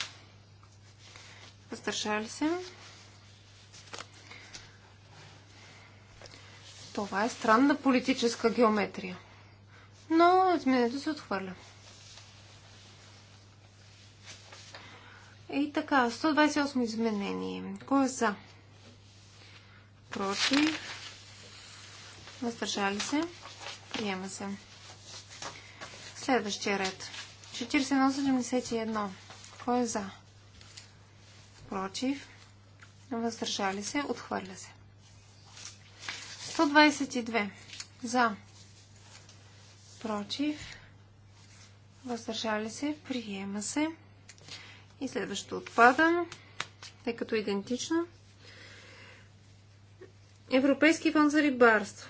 Въздържали се. Това е странна политическа геометрия. Но изменението се отхвърля. И така, 128 изменение. Кой е за? Против. Въздържали се. Приема се. Следващия ред. 41,71. Кой е за? Против. Въздържали се. Отхвърля се. 122. За. Против. Въздържали се. Приема се. И следващото отпада, тъй като е идентично. Европейски фонд за рибарство.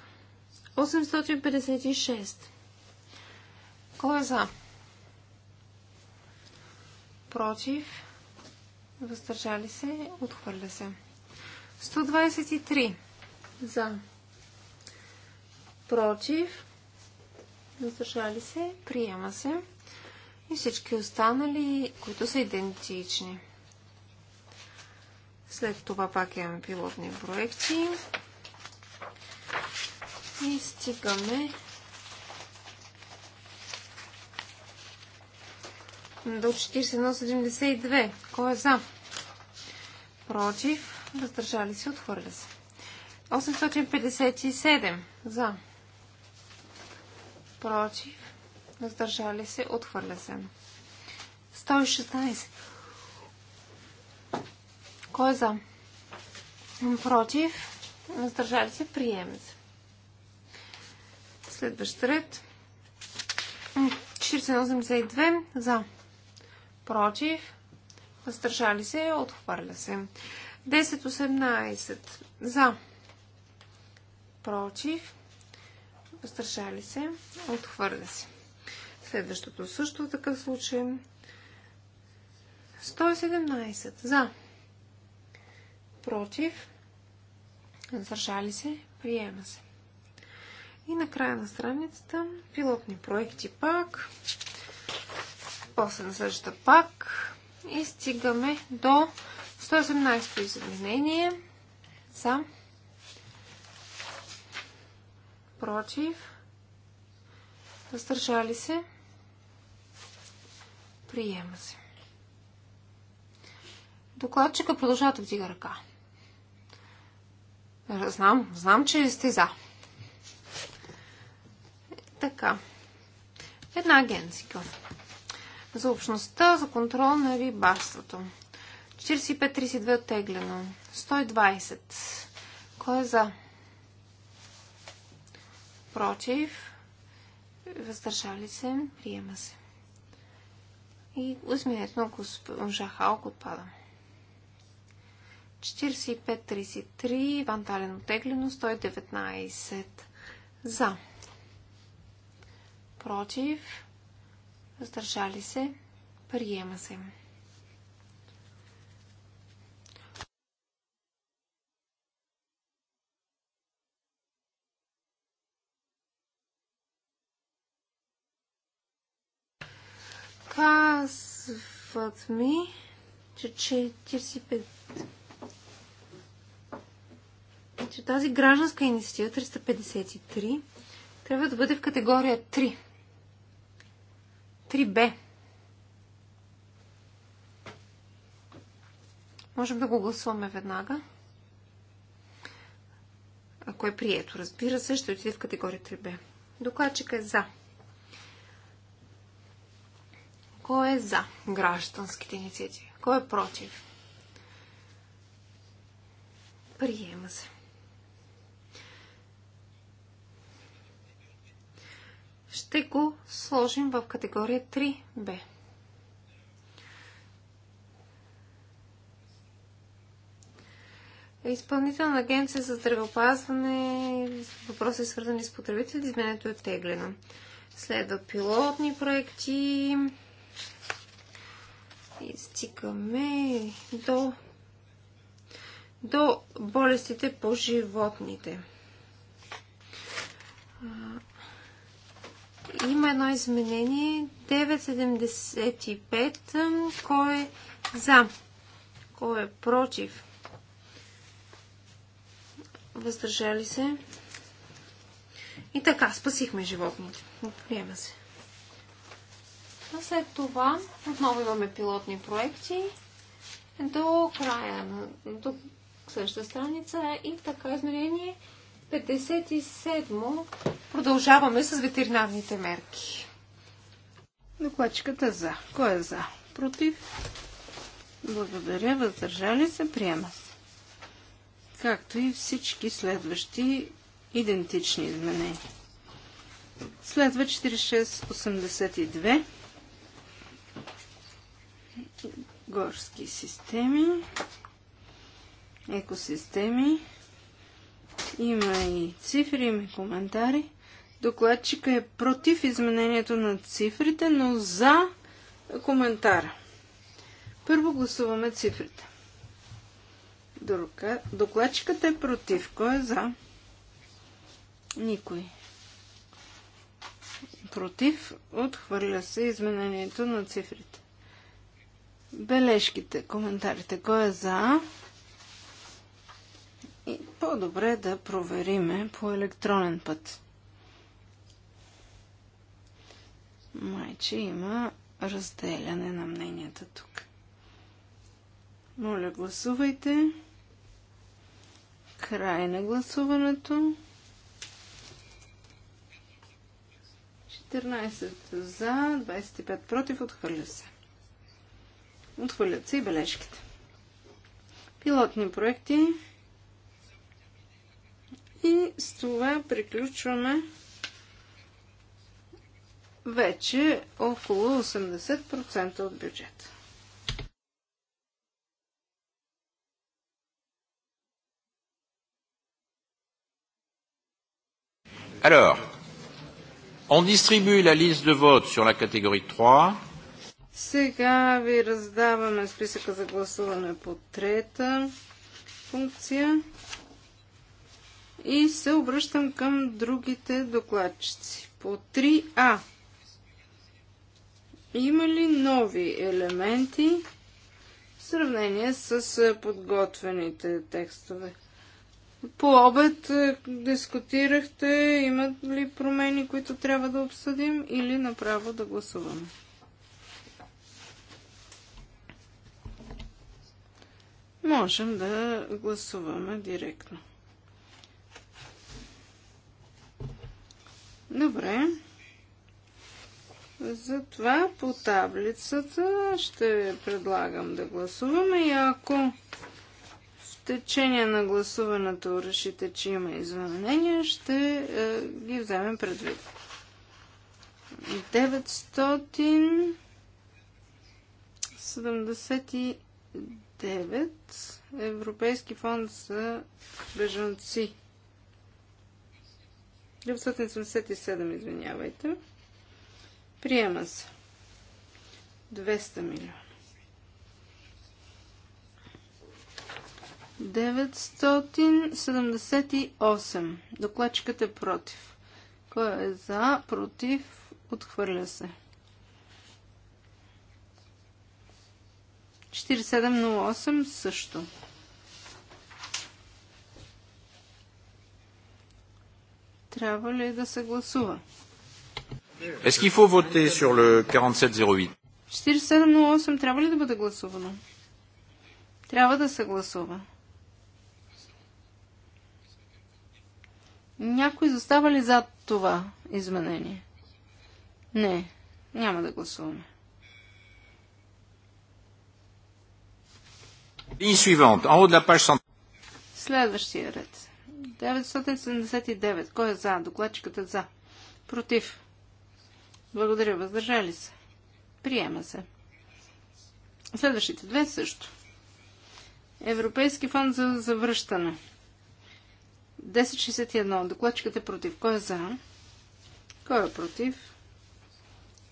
856. Кой е за? против, въздържали се, отхвърля се. 123 за, против, въздържали се, приема се. И всички останали, които са идентични. След това пак имаме пилотни проекти. И стигаме до 41,72. Кой е за? Против. Въздържали се. Отхвърля се. 857. За. Против. Въздържали се. Отхвърля се. 116. Кой е за? Против. Въздържали се. приеме се. Следващ ред. 4182. За против, въздържали се, отхвърля се. 10-18 за, против, въздържали се, отхвърля се. Следващото също в такъв случай. 117 за, против, въздържали се, приема се. И на края на страницата пилотни проекти пак после на следващата пак и стигаме до 118 изменение. За. Против. Въздържали се. Приема се. Докладчика продължава да вдига ръка. Знам, знам, че сте за. Е, така. Една агенция за общността за контрол на рибарството. 45-32 оттеглено. 120. Кой е за? Против. Въздържали се. Приема се. И усмирете на госпожа Халк отпада. 45-33. Вантален оттеглено. 119. За. Против въздържали се, приема се. Казват ми, че 45 че тази гражданска инициатива 353 трябва да бъде в категория 3. 3b. Можем да го гласуваме веднага. Ако е прието, разбира се, ще отиде в категория 3b. Докладчика е за. Кой е за гражданските инициативи? Кой е против? Приема се. ще го сложим в категория 3b. Изпълнителна агенция за здравеопазване, въпроси свързани с потребители, изменението е теглено. Следва пилотни проекти. И до, до болестите по животните. Има едно изменение 9.75. Кой е за? Кой е против? Въздържали се. И така, спасихме животните. Приема се. А след това отново имаме пилотни проекти до края на до следващата страница и така изменение 9.75. 57 продължаваме с ветеринарните мерки. Докладчиката за. Кой е за? Против? Благодаря. Въздържали се? Приема се. Както и всички следващи идентични изменения. Следва 4682. Горски системи. Екосистеми. Има и цифри, има и коментари. Докладчика е против изменението на цифрите, но за коментара. Първо гласуваме цифрите. Докладчикът е против. Кой е за? Никой. Против. Отхвърля се изменението на цифрите. Бележките, коментарите. Кой е за? И по-добре да провериме по електронен път. Майче има разделяне на мненията тук. Моля, гласувайте. Край на гласуването. 14 за, 25 против, отхвърля се. Отхвърлят се и бележките. Пилотни проекти. И с това приключваме вече около 80% от бюджета. Alors, on distribue la liste de vote sur la catégorie 3. Сега ви раздаваме списъка за гласуване по трета функция. И се обръщам към другите докладчици. По 3А. Има ли нови елементи в сравнение с подготвените текстове? По обед дискутирахте, имат ли промени, които трябва да обсъдим или направо да гласуваме? Можем да гласуваме директно. Добре. Затова по таблицата ще предлагам да гласуваме и ако в течение на гласуването решите, че има изменения, ще е, ги вземем предвид. 979 Европейски фонд за бежанци. 977, извинявайте. Приема се. 200 милиона. 978. Докладчикът е против. Кой е за, против, отхвърля се. 4708 също. Трябва ли да се гласува? Est-ce qu'il faut voter sur le 4708 4708 трябва ли да бъде гласувано? Трябва да се гласува. Някой застава ли зад това изменение? Не, няма да гласуваме. Следващия ред. 979. Кой е за? Докладчиката е за. Против. Благодаря. Въздържали се. Приема се. Следващите две също. Европейски фонд за завръщане. 1061. Докладчиката е против. Кой е за? Кой е против?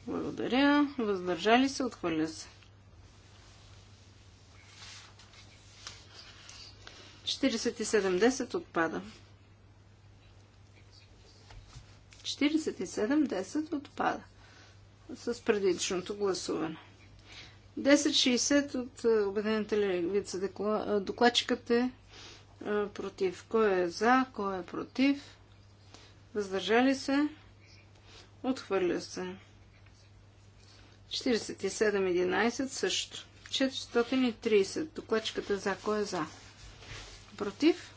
Благодаря. Въздържали се. Отхвърля се. 4710 отпада. 4710 отпада с предишното гласуване. 1060 от е, Обединената левица е, докладчикът е, е против. Кой е за, кой е против? Въздържали се? Отхвърля се. 4711 също. 430. Докладчиката за, кой е за? Против?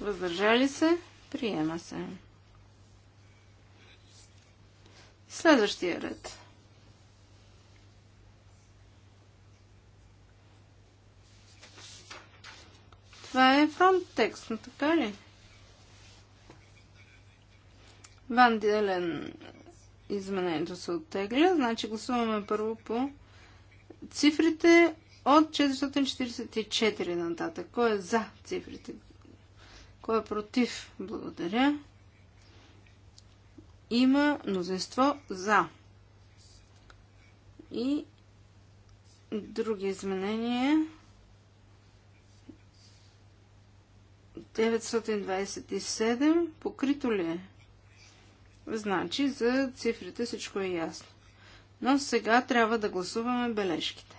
Въздържали се? Приема се. Следващия ред. Това е текст, но така ли? Ван изменението се оттегля, значи гласуваме първо по цифрите от 444 нататък. Кой е за цифрите? Кой е против? Благодаря. Има мнозинство за. И други изменения. 927 покрито ли е? Значи за цифрите всичко е ясно. Но сега трябва да гласуваме бележките.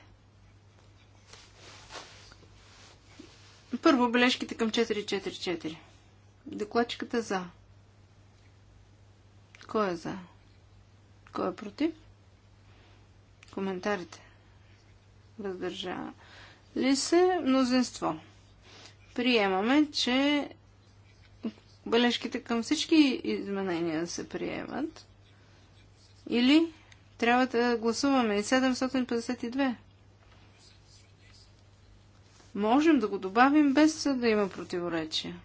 Първо бележките към 444. Докладчиката за. Кой е за? Кой е против? Коментарите. Въздържа ли се мнозинство? Приемаме, че бележките към всички изменения се приемат. Или трябва да гласуваме и 752 можем да го добавим без да има противоречия.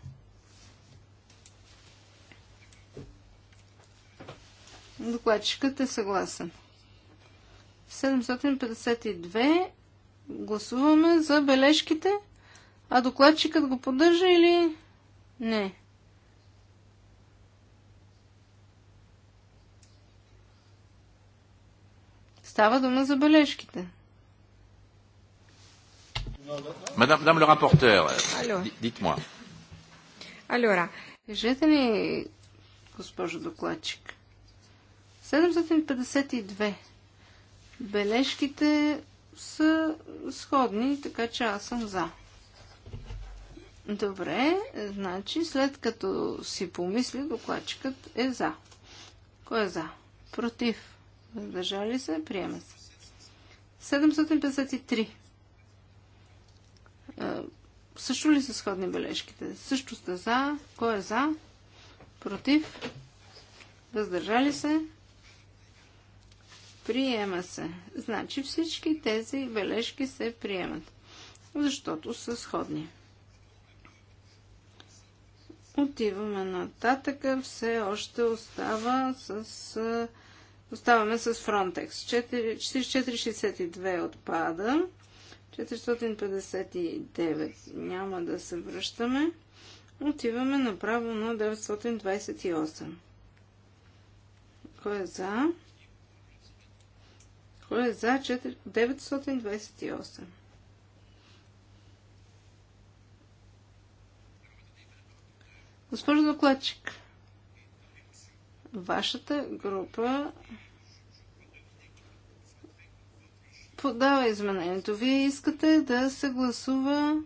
Докладчикът е съгласен. 752 гласуваме за бележките, а докладчикът го поддържа или не? Става дума за бележките. Мадам ле рапортер, дитмо. Алора, кажете ми, госпожо докладчик, 752 бележките са сходни, така че аз съм за. Добре, значи след като си помисли, докладчикът е за. Кой е за? Против. Въздържали се? Приема се. 753. Също ли са сходни бележките? Също сте за. Кой е за? Против? Въздържали се? Приема се. Значи всички тези бележки се приемат, защото са сходни. Отиваме нататъка. Все още остава с... Оставаме с Frontex. 4462 отпада. 459 няма да се връщаме. Отиваме направо на 928. Кой е за? Кой е за 4... 928? Госпожо докладчик, вашата група подава изменението. Вие искате да се гласува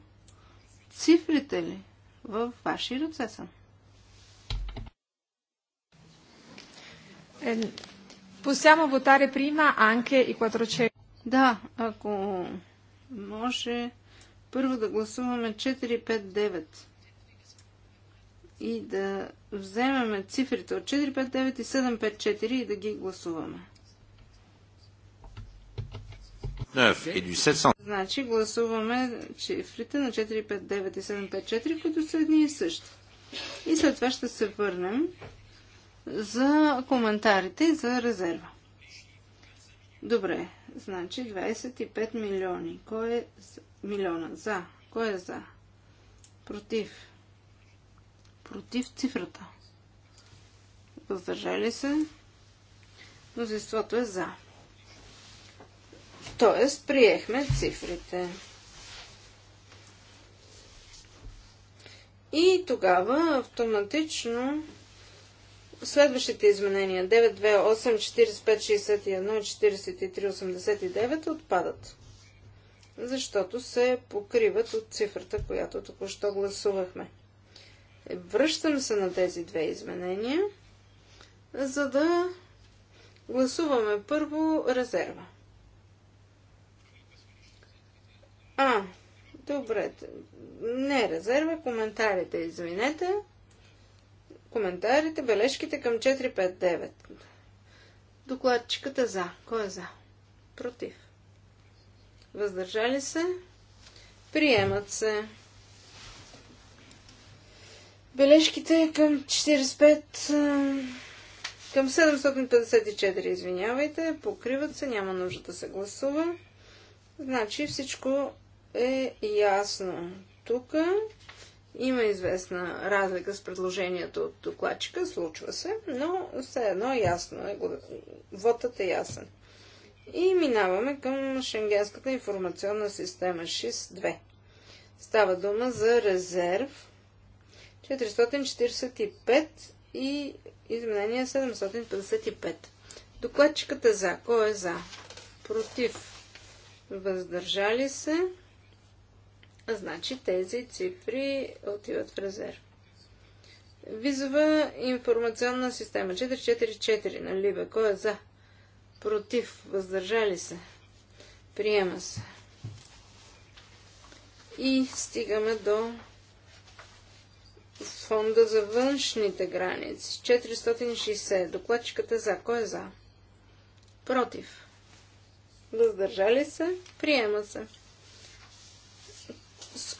цифрите ли? В ваши ръце са. Е, possiamo votare prima anche i 400. Да, ако може първо да гласуваме 459 и да вземем цифрите от 459 и 754 и да ги гласуваме et 700. Значи, значи гласуваме цифрите на 459 и 754, които са едни и същи. И след това ще се върнем за коментарите и за резерва. Добре, значи 25 милиони. Кой е за? милиона? За. Кой е за? Против. Против цифрата. Въздържали се. Мнозинството е за. Тоест, приехме цифрите. И тогава автоматично следващите изменения 9, 2, 8, 45, 61 и 43, 89 отпадат. Защото се покриват от цифрата, която току-що гласувахме. Е, връщам се на тези две изменения, за да гласуваме първо резерва. А, добре. Не резерва, коментарите, извинете. Коментарите, бележките към 459. Докладчиката е за. Кой е за? Против. Въздържали се? Приемат се. Бележките към 45... Към 754, извинявайте, покриват се, няма нужда да се гласува. Значи всичко е ясно. Тук има известна разлика с предложението от докладчика, случва се, но все едно ясно е, вотът е ясен. И минаваме към Шенгенската информационна система ШИС-2. Става дума за резерв 445 и изменение 755. Докладчиката е за. Кой е за? Против. Въздържали се. Значи тези цифри отиват в резерв. Визова информационна система 444 на Либе. Кой е за? Против? Въздържали се? Приема се. И стигаме до фонда за външните граници. 460. Докладчиката е за. Кой е за? Против. Въздържали се? Приема се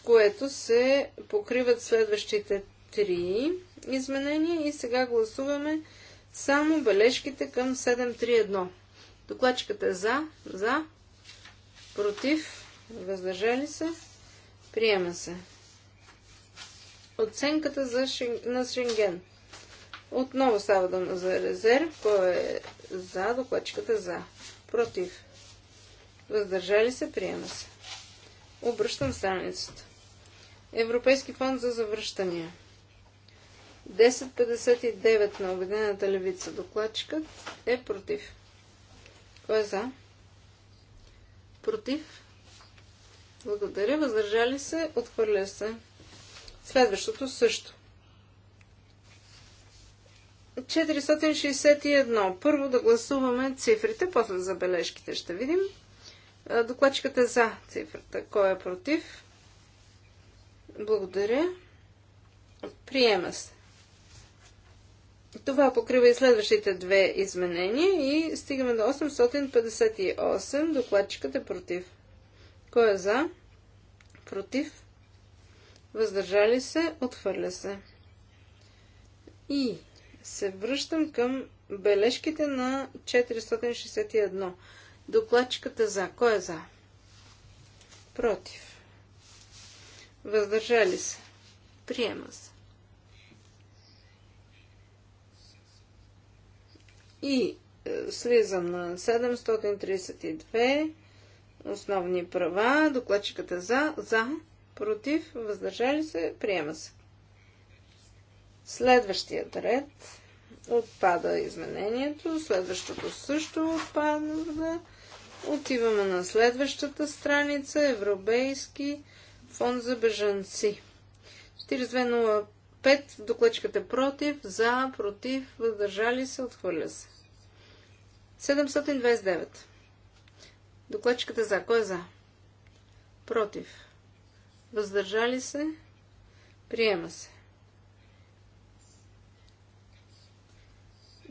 което се покриват следващите три изменения и сега гласуваме само бележките към 731. Докладчикът е за, за, против, въздържали се, приема се. Оценката за Шен... на Шенген. Отново става дума за резерв. Кой е за? Докладчиката е за. Против. Въздържали се, приема се. Обръщам страницата. Европейски фонд за завръщания. 10.59 на Обединената левица. Докладчикът е против. Кой е за? Против. Благодаря. Въздържали се. Отхвърля се. Следващото също. 461. Първо да гласуваме цифрите, после забележките ще видим. Докладчикът е за цифрата. Кой е против? Благодаря. Приема се. Това покрива и следващите две изменения и стигаме до 858. Докладчикът е против. Кой е за? Против. Въздържали се? Отхвърля се. И се връщам към бележките на 461. Докладчиката е за. Кой е за? Против. Въздържали се. Приема се. И е, слизам на 732 основни права. Докладчиката е за, за, против, въздържали се, приема се. Следващият ред отпада изменението, следващото също отпада. Отиваме на следващата страница, европейски фонд за бежанци. 4205. Докладчиката е против, за, против, въздържали се, отхвърля се. 729. Докладчиката е за. Кой е за? Против. Въздържали се. Приема се.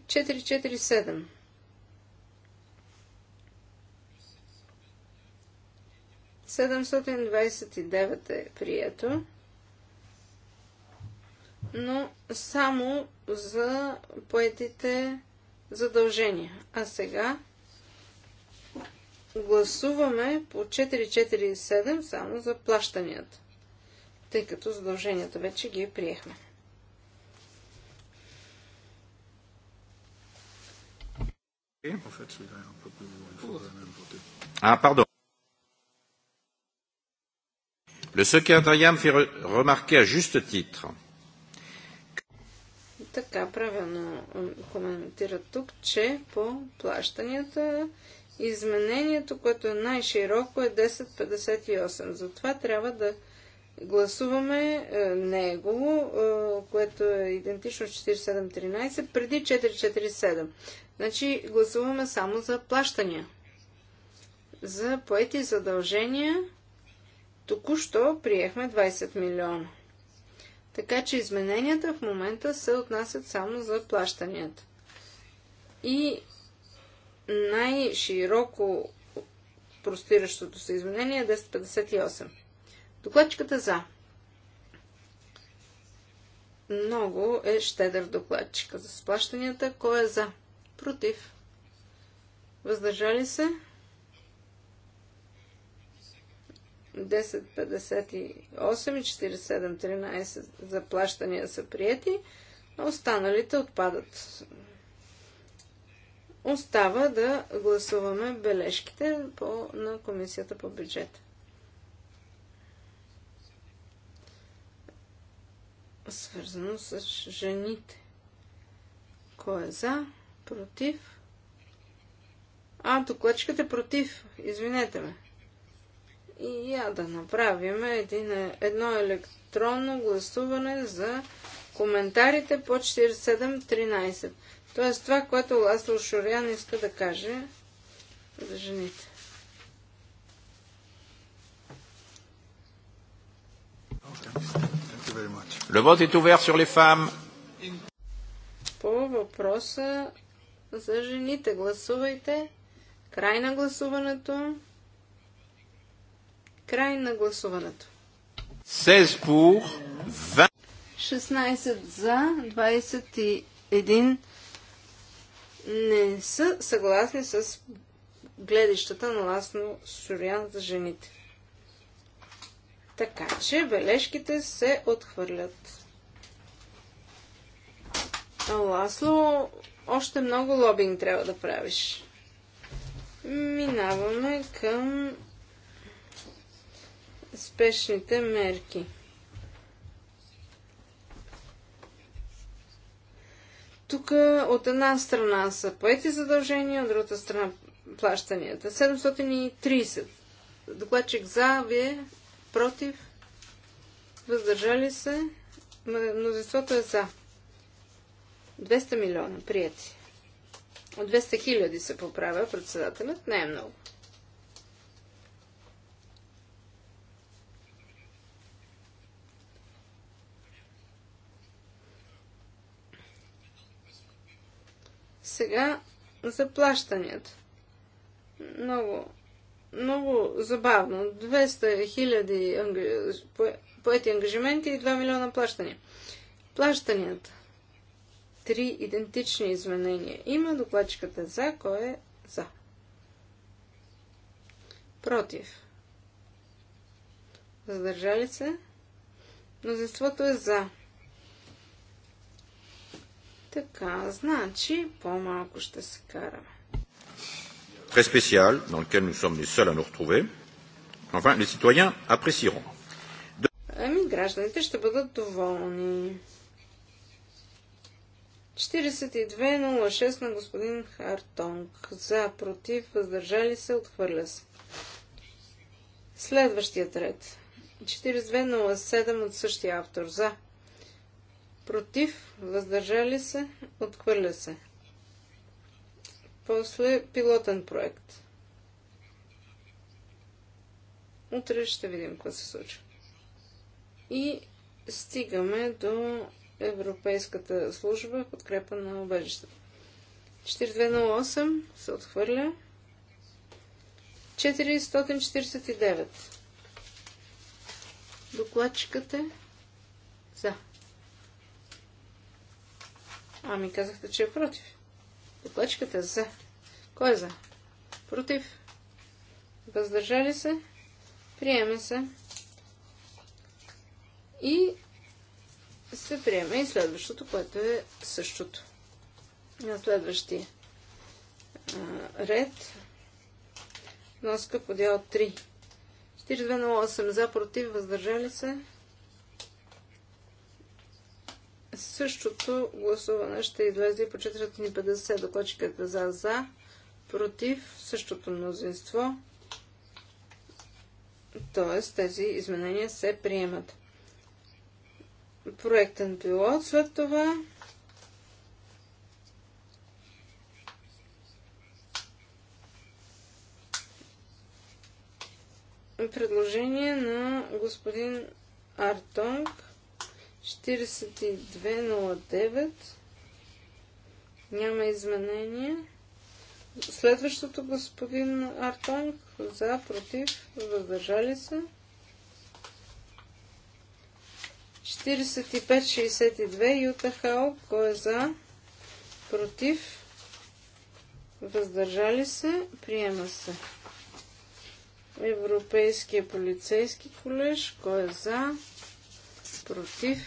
447. 729 е прието, но само за поетите задължения. А сега гласуваме по 447 само за плащанията, тъй като задълженията вече ги приехме. А, пардон. Le secrétariat me fait remarquer à juste titre. Така, правилно коментира тук, че по плащанията изменението, което е най-широко е 1058. Затова трябва да гласуваме е, него, е, което е идентично 4713, преди 447. Значи гласуваме само за плащания. За поети задължения Току-що приехме 20 милиона. Така че измененията в момента се отнасят само за плащанията. И най-широко простиращото се изменение е 1058. Докладчиката за. Много е щедър докладчика за сплащанията. Кой е за? Против. Въздържали се? 10.58 и 47.13 заплащания са прияти, а останалите отпадат. Остава да гласуваме бележките по, на Комисията по бюджета. Свързано с жените. Кой е за? Против? А, докладчикът е против. Извинете ме и я да направим един, едно електронно гласуване за коментарите по 47.13. Тоест това, което Ласло Шорян иска да каже за жените. Le vote est ouvert sur les femmes. По въпроса за жените гласувайте. Край на гласуването. Край на гласуването. 16 pour, 20... 16 за, 21 не са съгласни с гледащата на Ласно Сурян за жените. Така че бележките се отхвърлят. Ласло, още много лобинг трябва да правиш. Минаваме към спешните мерки. Тук от една страна са поети задължения, от другата страна плащанията. 730. Докладчик за, вие против, въздържали се, мнозинството е за. 200 милиона, прияти. От 200 хиляди се поправя председателят, не е много. Сега за Много, много забавно. 200 хиляди поети ангажименти и 2 милиона плащания. Плащанията. Три идентични изменения. Има докладчиката за, кой е за. Против. Задържали се. Мнозинството е за. Така, значи по-малко ще се караме. Très spécial, dans lequel nous sommes les seuls à nous retrouver. Enfin, les citoyens apprécieront. Ами, гражданите ще бъдат доволни. 42.06 на господин Хартонг. За, против, въздържали се, отхвърля се. Следващият ред. 42.07 от същия автор. За, против, въздържали се, отхвърля се. После пилотен проект. Утре ще видим какво се случва. И стигаме до Европейската служба в подкрепа на обежищата. 4208 се отхвърля. 449. Докладчикът е за. Ами казахте, че е против. Докладчиката е за. Кой е за? Против. Въздържали се. Приеме се. И се приеме и следващото, което е същото. На следващия а, ред. Носка по дял 3. 4208 за, против, въздържали се. Същото гласуване ще излезе и по 450 докладчиката е за за, против същото мнозинство. т.е. тези изменения се приемат. Проектен пилот след това. Предложение на господин Артонг 4209. Няма изменения. Следващото господин Артонг за, против, въздържали се. 45-62 Юта Хао, кой е за, против, въздържали се, приема се. Европейския полицейски колеж, кой е за, против,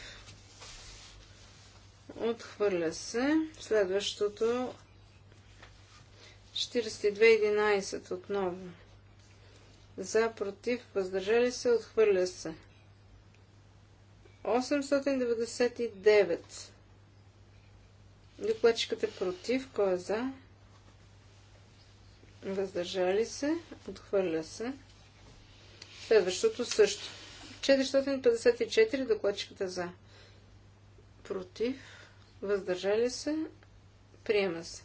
отхвърля се. Следващото 42.11 отново. За, против, въздържали се, отхвърля се. 899. Докладчиката е против. Кой е за? Въздържали се. Отхвърля се. Следващото също. 454 докладчиката за. Против. Въздържали се. Приема се.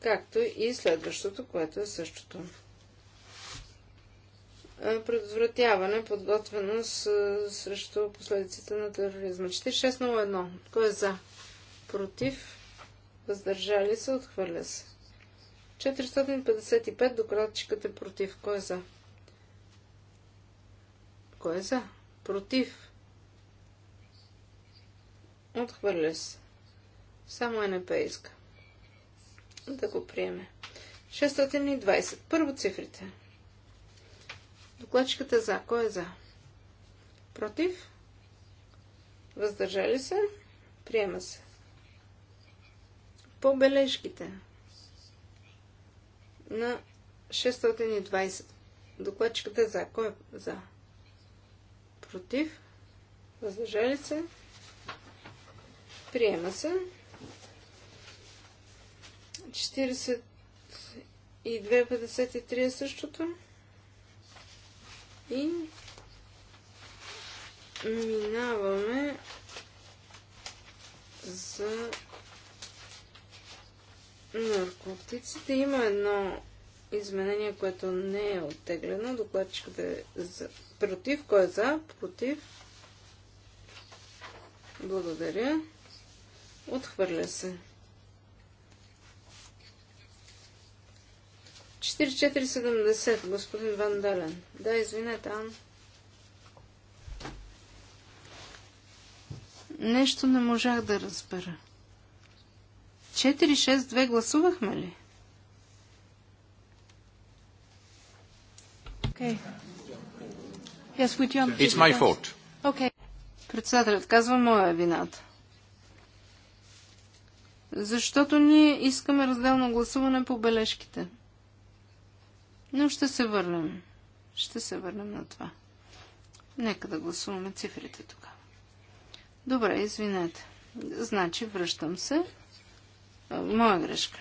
Както и следващото, което е същото. Предотвратяване, подготвено с, срещу последиците на тероризма. 4601. Кой е за? Против. Въздържали се. Отхвърля се. 455. Докладчиката е против. Кой е за? Кой е за? Против. Отхвърля се. Само НП иска. Да го приеме. 620. Първо цифрите. Докладчиката е за. Кой е за? Против? Въздържали се? Приема се. По бележките на 620. Докладчиката е за. Кой е за? против, въздържали се, приема се. 42,53 е същото. И минаваме за наркотиците. Има едно изменение, което не е оттеглено. Докладчиката е за Против. Кой е за? Против. Благодаря. Отхвърля се. 4470, господин Вандален. Да, извинете, Ан. Нещо не можах да разбера. 462 гласувахме ли? Okay. Yes, It's my fault. Okay. Председателят казва, моя е вината. Защото ние искаме разделно гласуване по бележките. Но ще се върнем. Ще се върнем на това. Нека да гласуваме цифрите тогава. Добре, извинете. Значи, връщам се. Моя грешка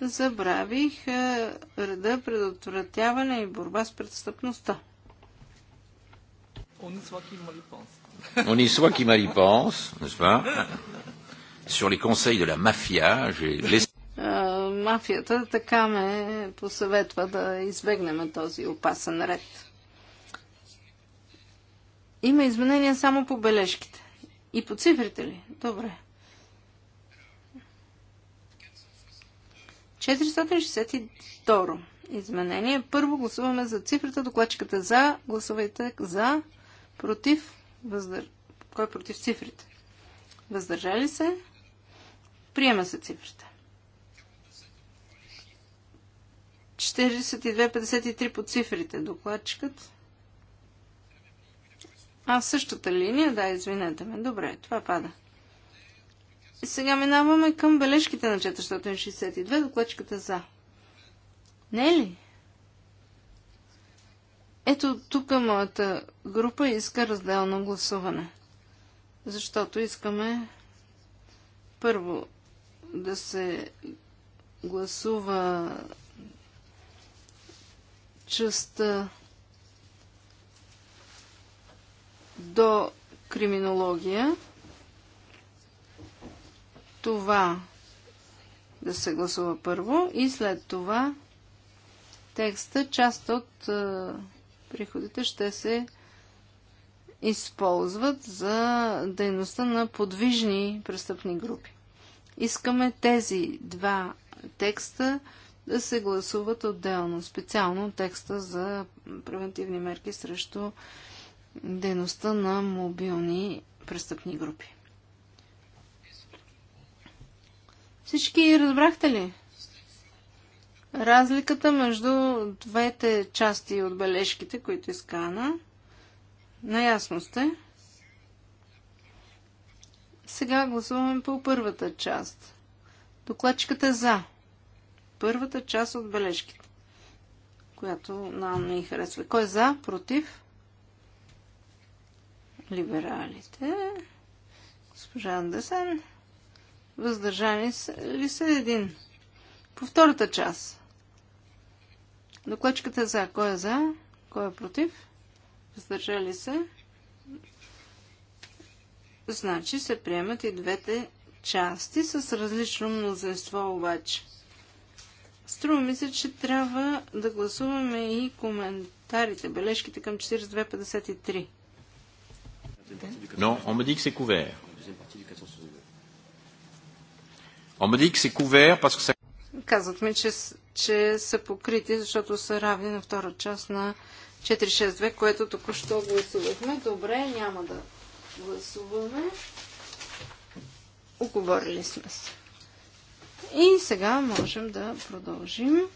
забравих е, реда предотвратяване и борба с престъпността. On y soit qui mal y pense, n'est-ce pas Sur les conseils de la mafia, j'ai laissé... Е, мафията така ме посъветва да избегнем този опасен ред. Има изменения само по бележките. И по цифрите ли? Добре. 462 изменение. Първо гласуваме за цифрата. Докладчиката за. Гласувайте за. Против. Въздър... Кой е против цифрите? Въздържали се? Приема се цифрите. 42-53 по цифрите. Докладчикът. А, същата линия, да, извинете ме. Добре, това пада. 42.53. Сега минаваме към бележките на 462. Докладчиката за. Не е ли? Ето тук моята група иска разделно гласуване. Защото искаме първо да се гласува частта до криминология това да се гласува първо и след това текста, част от е, приходите ще се използват за дейността на подвижни престъпни групи. Искаме тези два текста да се гласуват отделно, специално текста за превентивни мерки срещу дейността на мобилни престъпни групи. Всички разбрахте ли? Разликата между двете части от бележките, които изкана, наясно сте. Сега гласуваме по първата част. Докладчиката е за. Първата част от бележките, която нам не харесва. Кой е за? Против? Либералите. Госпожа Андесен въздържани ли са един. По втората част. Докладчиката е за. Кой е за? Кой е против? Въздържали се? Значи се приемат и двете части с различно мнозинство обаче. Струва ми се, че трябва да гласуваме и коментарите, бележките към 4253. Но, on me dit que c'est couvert. On me dit que c'est couvert parce que ça... Казват ми, че, че са покрити, защото са равни на втора част на 462, което току-що гласувахме. Добре, няма да гласуваме. Оговорили сме се. И сега можем да продължим.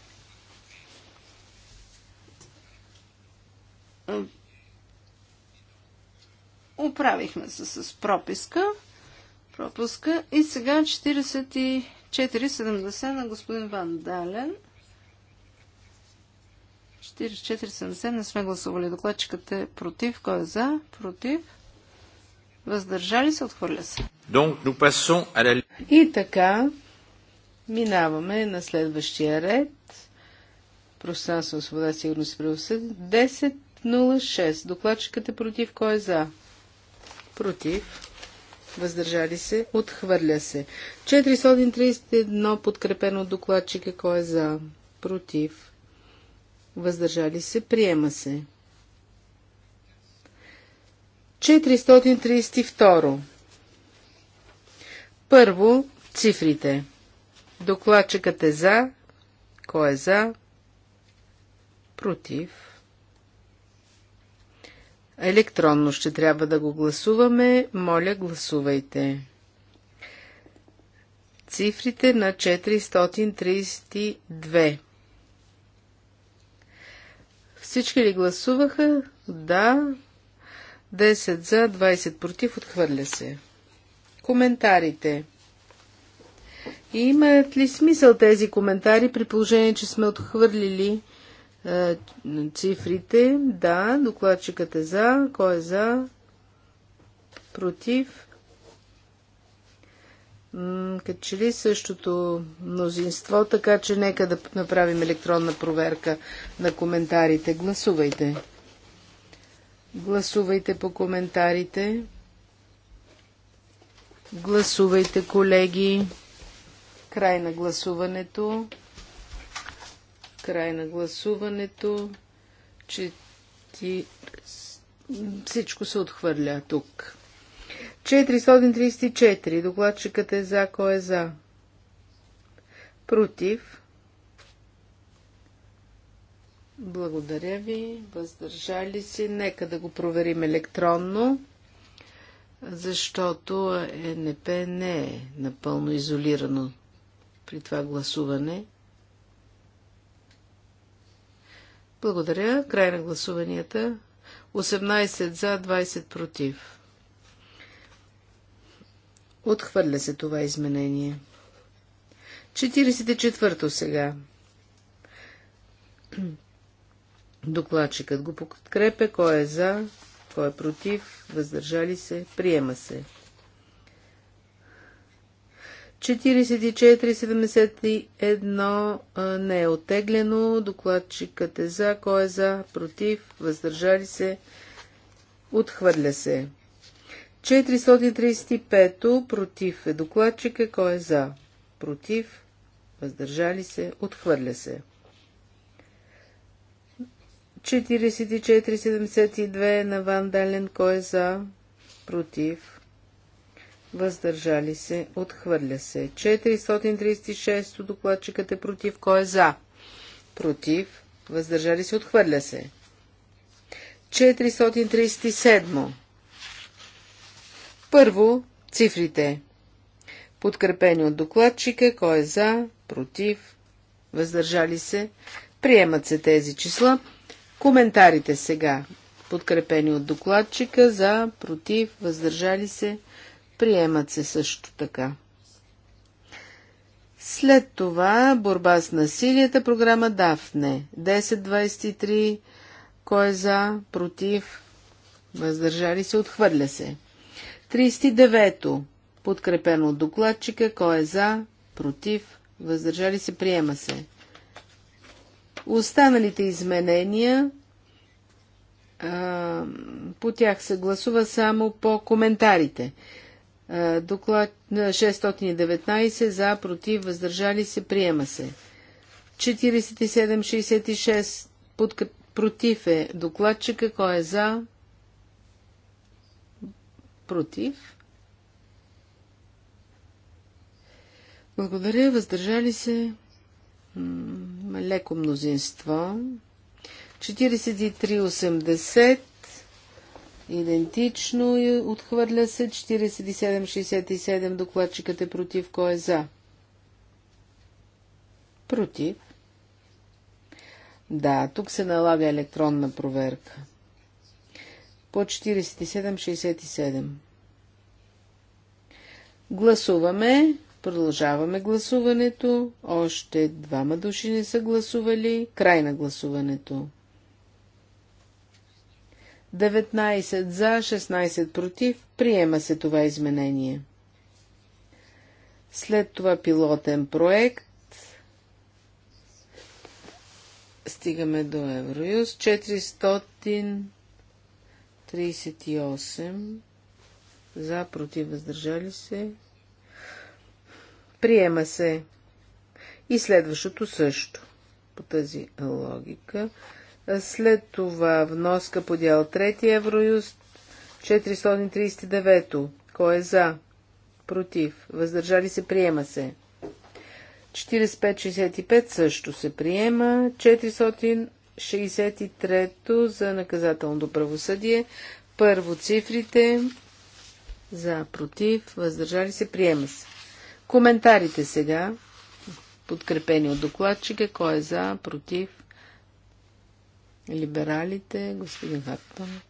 Управихме се с прописка пропуска. И сега 44,70 на господин Ван Дален. 44,70 не сме гласували. Докладчикът е против. Кой е за? Против. Въздържали се, отхвърля се. И така, минаваме на следващия ред. Пространство, свобода, сигурност и правосъд. 10.06. Докладчикът е против. Кой е за? Против въздържали се, отхвърля се. 431 подкрепено от докладчика, кой е за, против, въздържали се, приема се. 432. Първо, цифрите. Докладчикът е за, кой е за, против, Електронно ще трябва да го гласуваме. Моля, гласувайте. Цифрите на 432. Всички ли гласуваха? Да. 10 за, 20 против, отхвърля се. Коментарите. И имат ли смисъл тези коментари при положение, че сме отхвърлили е, цифрите. Да, докладчикът е за. Кой е за? Против? Като че ли същото мнозинство, така че нека да направим електронна проверка на коментарите. Гласувайте. Гласувайте по коментарите. Гласувайте, колеги. Край на гласуването. Край на гласуването. ти... Всичко се отхвърля тук. 434. Докладчикът е за. Кой е за? Против. Благодаря ви. Въздържали се. Нека да го проверим електронно, защото е НП не е напълно изолирано при това гласуване. Благодаря. Край на гласуванията. 18 за, 20 против. Отхвърля се това изменение. 44-то сега. Докладчикът го подкрепя. Кой е за? Кой е против? Въздържали се? Приема се. 44,71 не е отеглено. Докладчикът е за. Кой е за? Против? Въздържали се? Отхвърля се. 435 против е докладчика. Кой е за? Против? Въздържали се? Отхвърля се. 44,72 на Ван Дален. Кой е за? Против? въздържали се, отхвърля се. 436 докладчикът е против, кой е за? Против, въздържали се, отхвърля се. 437. Първо, цифрите. Подкрепени от докладчика, кой е за, против, въздържали се, приемат се тези числа. Коментарите сега. Подкрепени от докладчика, за, против, въздържали се, Приемат се също така. След това борба с насилията, програма Дафне. 10.23. Кой е за? Против? Въздържали се? Отхвърля се. 39 Подкрепено от докладчика. Кой е за? Против? Въздържали се? Приема се. Останалите изменения а, по тях се гласува само по коментарите. Е, доклад 619 е, за, против, въздържали се, приема се. 4766 против е докладчика, кой е за? Против. Благодаря, въздържали се. М леко мнозинство. 4380 Идентично и отхвърля се 47-67. Докладчикът е против. Кой е за? Против. Да, тук се налага електронна проверка. По 47-67. Гласуваме. Продължаваме гласуването. Още двама души не са гласували. Край на гласуването. 19 за, 16 против, приема се това изменение. След това пилотен проект. Стигаме до Евроюз. 438 за, против, въздържали се. Приема се. И следващото също. По тази логика. След това вноска по дял 3 Евроюст 439. Кой е за? Против. Въздържали се, приема се. 4565 също се приема. 463 за наказателното правосъдие. Първо цифрите. За, против, въздържали се, приема се. Коментарите сега, подкрепени от докладчика, кой е за, против, Либералите, господин Хартман.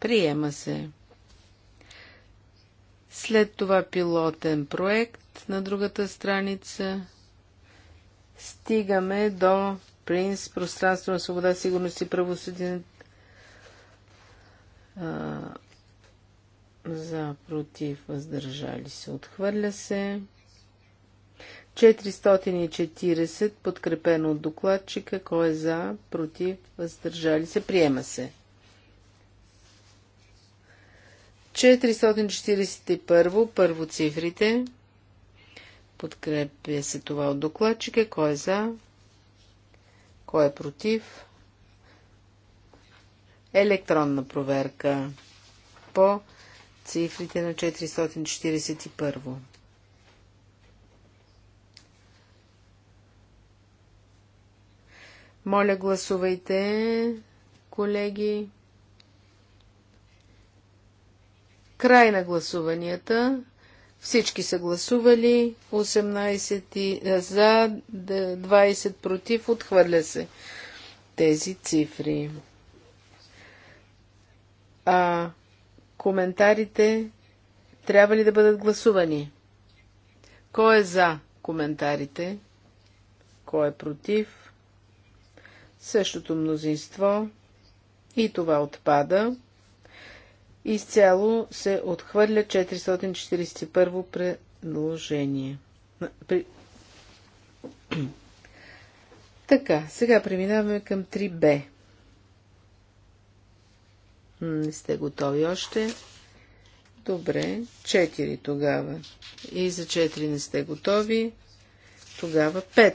Приема се. След това пилотен проект на другата страница. Стигаме до принц, пространство на свобода, сигурност и правосъдие за против, въздържали се, отхвърля се. 440, подкрепено от докладчика. Кой е за, против, въздържали се, приема се. 441, първо цифрите. Подкрепя се това от докладчика. Кой е за? Кой е против? Електронна проверка по цифрите на 441. Моля, гласувайте, колеги. Край на гласуванията. Всички са гласували. 18 е, за, 20 против. Отхвърля се тези цифри. А коментарите трябва ли да бъдат гласувани? Кой е за коментарите? Кой е против? същото мнозинство и това отпада. Изцяло се отхвърля 441 предложение. Така, сега преминаваме към 3Б. Не сте готови още. Добре, 4 тогава. И за 4 не сте готови. Тогава 5.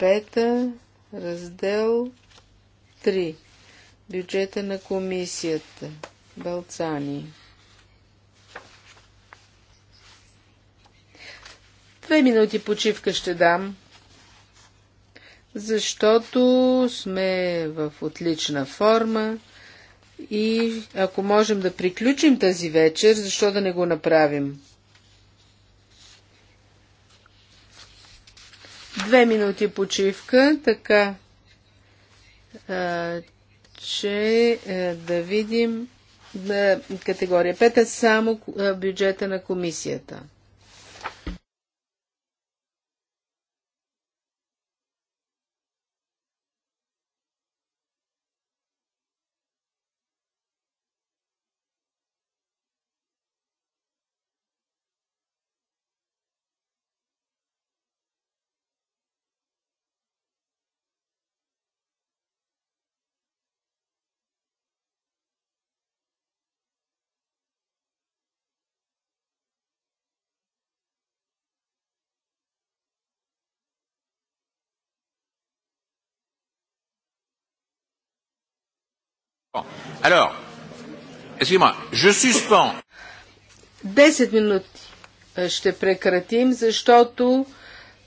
пета, раздел 3. Бюджета на комисията. Балцани. Две минути почивка ще дам, защото сме в отлична форма и ако можем да приключим тази вечер, защо да не го направим? Две минути почивка, така че да видим категория 5 е само бюджета на комисията. Alors, excusez-moi, je suspends. 10 минути ще прекратим, защото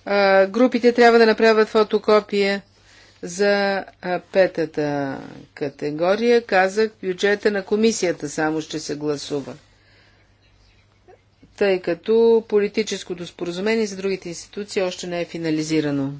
а, групите трябва да направят фотокопия за а, петата категория. Казах, бюджета на комисията само ще се гласува. Тъй като политическото споразумение за другите институции още не е финализирано.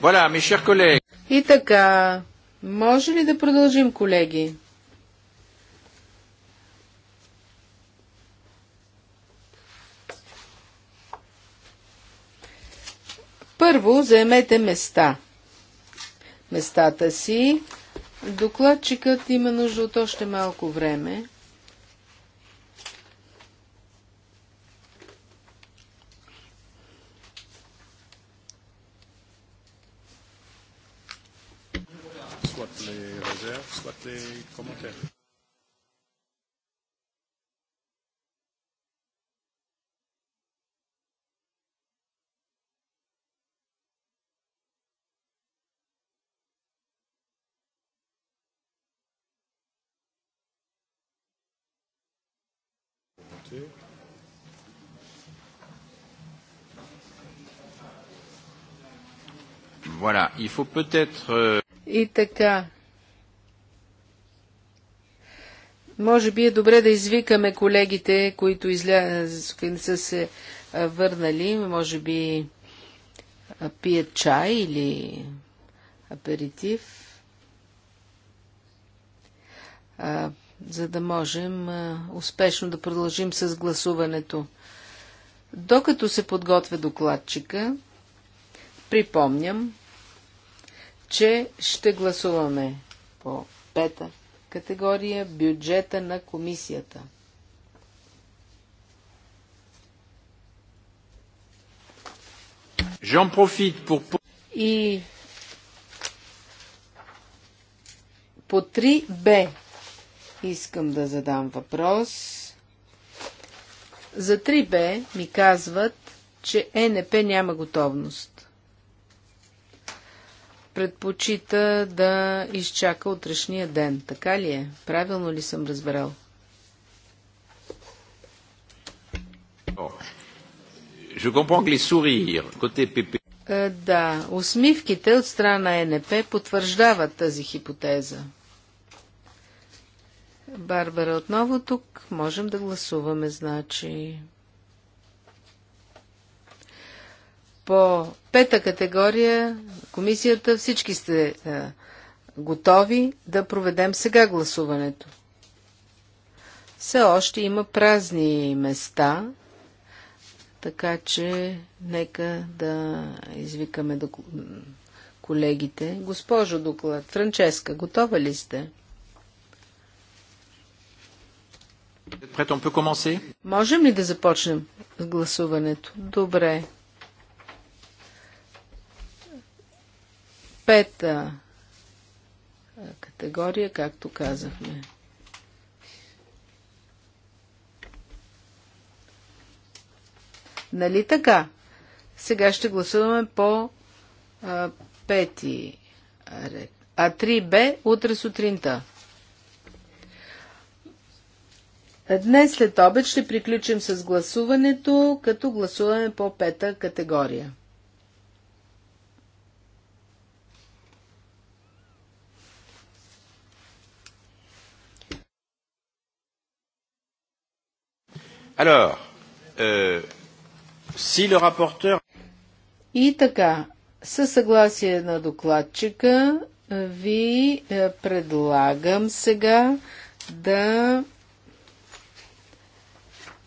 Voilà, mes chers collègues. И така, може ли да продължим, колеги? Първо, заемете места. Местата си. Докладчикът има нужда от още малко време. soit les commentaires. Okay. Voilà, il faut peut-être... И така, Може би е добре да извикаме колегите, които изля... не са се върнали, може би пият чай или аперитив, за да можем успешно да продължим с гласуването. Докато се подготвя докладчика, припомням, че ще гласуваме по пета категория бюджета на комисията. И по 3Б искам да задам въпрос. За 3Б ми казват, че ЕНП няма готовност предпочита да изчака утрешния ден. Така ли е? Правилно ли съм разбрал? Je comprends les sourires côté PP... Е, да, усмивките от страна НП потвърждават тази хипотеза. Барбара отново тук. Можем да гласуваме, значи. по пета категория, комисията, всички сте е, готови да проведем сега гласуването. Все още има празни места, така че нека да извикаме до колегите. Госпожо доклад, Франческа, готова ли сте? Можем ли да започнем с гласуването? Добре. пета категория, както казахме. Нали така? Сега ще гласуваме по а, пети ред. А 3Б утре сутринта. Днес след обед ще приключим с гласуването, като гласуваме по пета категория. Alors, euh, si le rapporteur... И така, със съгласие на докладчика, ви предлагам сега да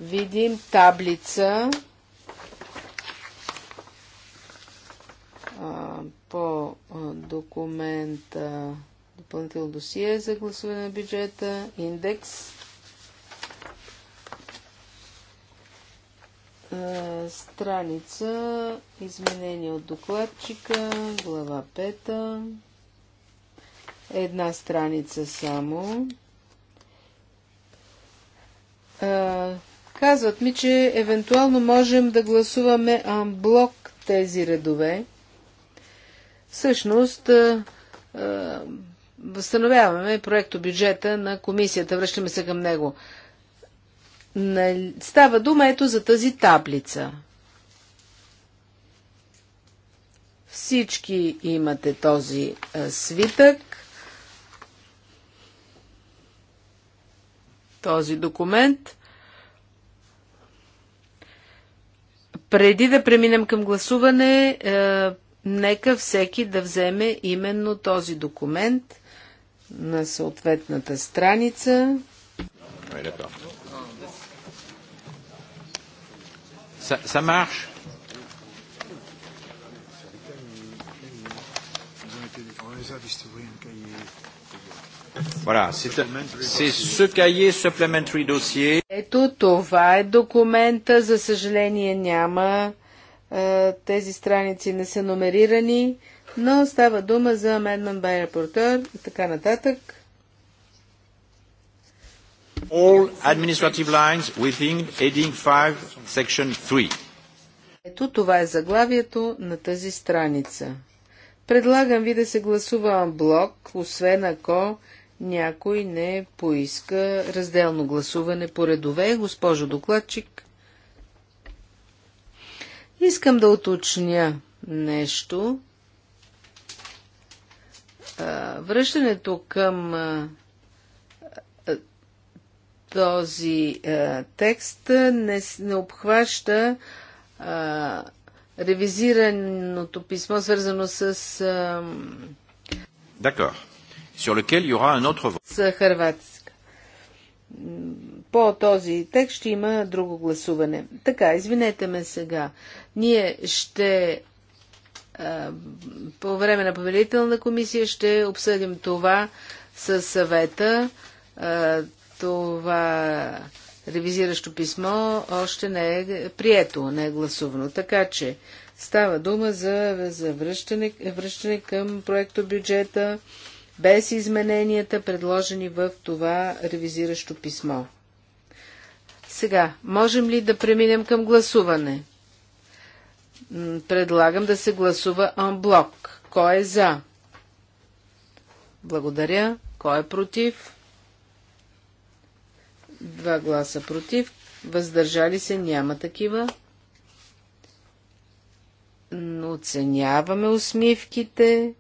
видим таблица по документа допълнително досие за гласуване на бюджета, индекс е, страница, изменение от докладчика, глава 5, една страница само. Е, казват ми, че евентуално можем да гласуваме амблок тези редове. Всъщност, е, е възстановяваме проекто бюджета на комисията, връщаме се към него. Нали? Става дума ето за тази таблица. Всички имате този свитък, този документ. Преди да преминем към гласуване, нека всеки да вземе именно този документ на съответната страница. Добре, ça, ça marche Voilà, c'est ce cahier supplementary dossier. Ето това е документа. За съжаление няма. Е, тези страници не са номерирани, но става дума за Amendment by Reporter и така нататък. All administrative lines within heading 5, section 3. Ето това е заглавието на тази страница. Предлагам ви да се гласува блок, освен ако някой не поиска разделно гласуване по редове. Госпожо докладчик, искам да уточня нещо. Връщането към този е, текст не, не обхваща е, ревизираното писмо, свързано с. Е, С По този текст ще има друго гласуване. Така, извинете ме сега. Ние ще е, по време на повелителна комисия ще обсъдим това със съвета. Е, това ревизиращо писмо още не е прието, не е гласувано. Така че става дума за, за връщане, връщане към проекто бюджета без измененията, предложени в това ревизиращо писмо. Сега, можем ли да преминем към гласуване? Предлагам да се гласува анблок. Кой е за? Благодаря. Кой е против? Два гласа против. Въздържали се няма такива. Но оценяваме усмивките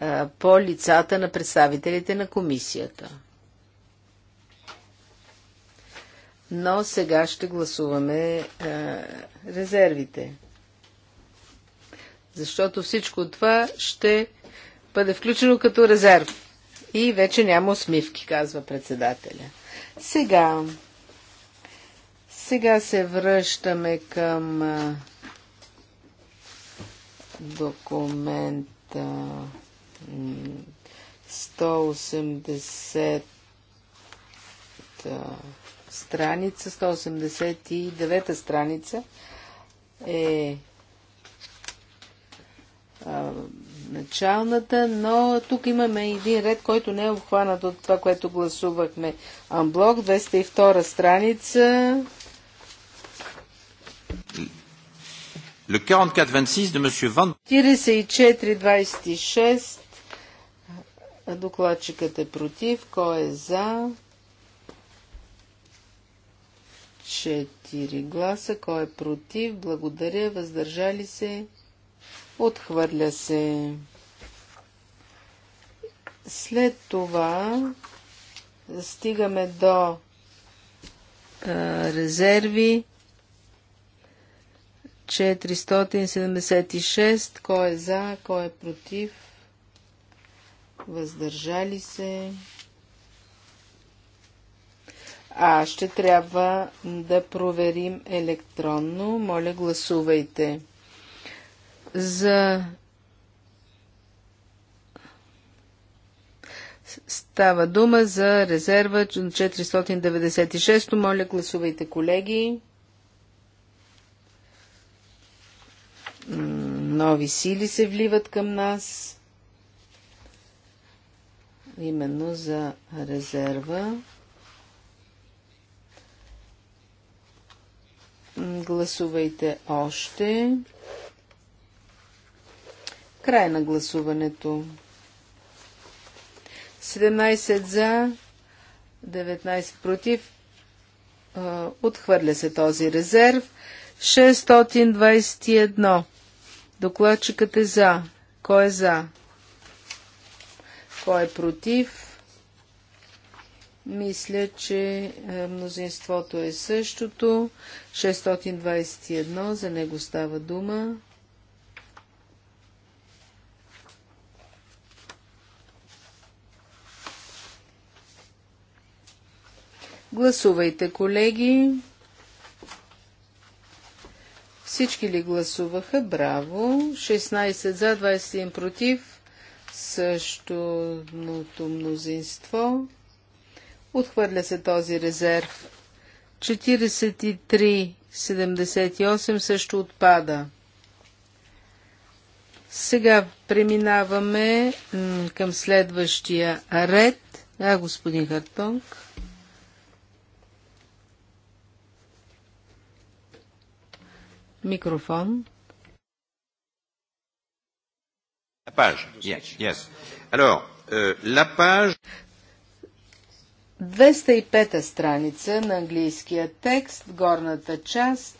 а, по лицата на представителите на комисията. Но сега ще гласуваме а, резервите. Защото всичко това ще бъде включено като резерв. И вече няма усмивки, казва председателя. Сега, сега се връщаме към документа 180 страница, 189 страница е началната, но тук имаме един ред, който не е обхванат от това, което гласувахме. Амблок, 202 страница. Le 44-26 de monsieur Van... Докладчикът е против. Кой е за? 4 гласа. Кой е против? Благодаря. Въздържали се? Отхвърля се. След това стигаме до резерви 476. Кой е за, кой е против? Въздържали се. А ще трябва да проверим електронно. Моля, гласувайте за Става дума за резерва 496. Моля, гласувайте, колеги. Нови сили се вливат към нас. Именно за резерва. Гласувайте още. Край на гласуването. 17 за, 19 против. Отхвърля се този резерв. 621. Докладчикът е за. Кой е за? Кой е против? Мисля, че мнозинството е същото. 621. За него става дума. Гласувайте, колеги. Всички ли гласуваха? Браво! 16 за, 21 против. Същото мнозинство. Отхвърля се този резерв. 43, 78 също отпада. Сега преминаваме към следващия ред. А, господин Хартонг. Микрофон. Паж. Yes, yes. Euh, page... 205-та страница на английския текст, горната част.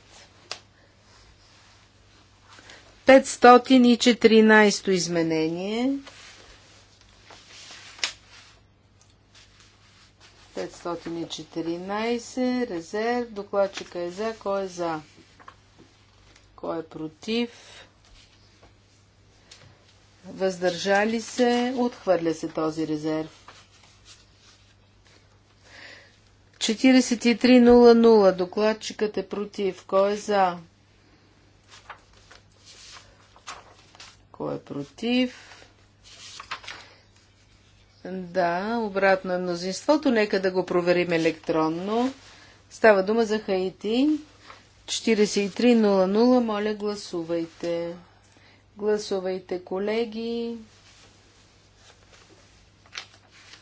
514-то изменение. 514, резерв, докладчика е за, кой е за? Кой е против? Въздържали се? Отхвърля се този резерв. 43.00. Докладчикът е против. Кой е за? Кой е против? Да, обратно е мнозинството. Нека да го проверим електронно. Става дума за Хаити. 43.00, моля гласувайте. Гласувайте, колеги.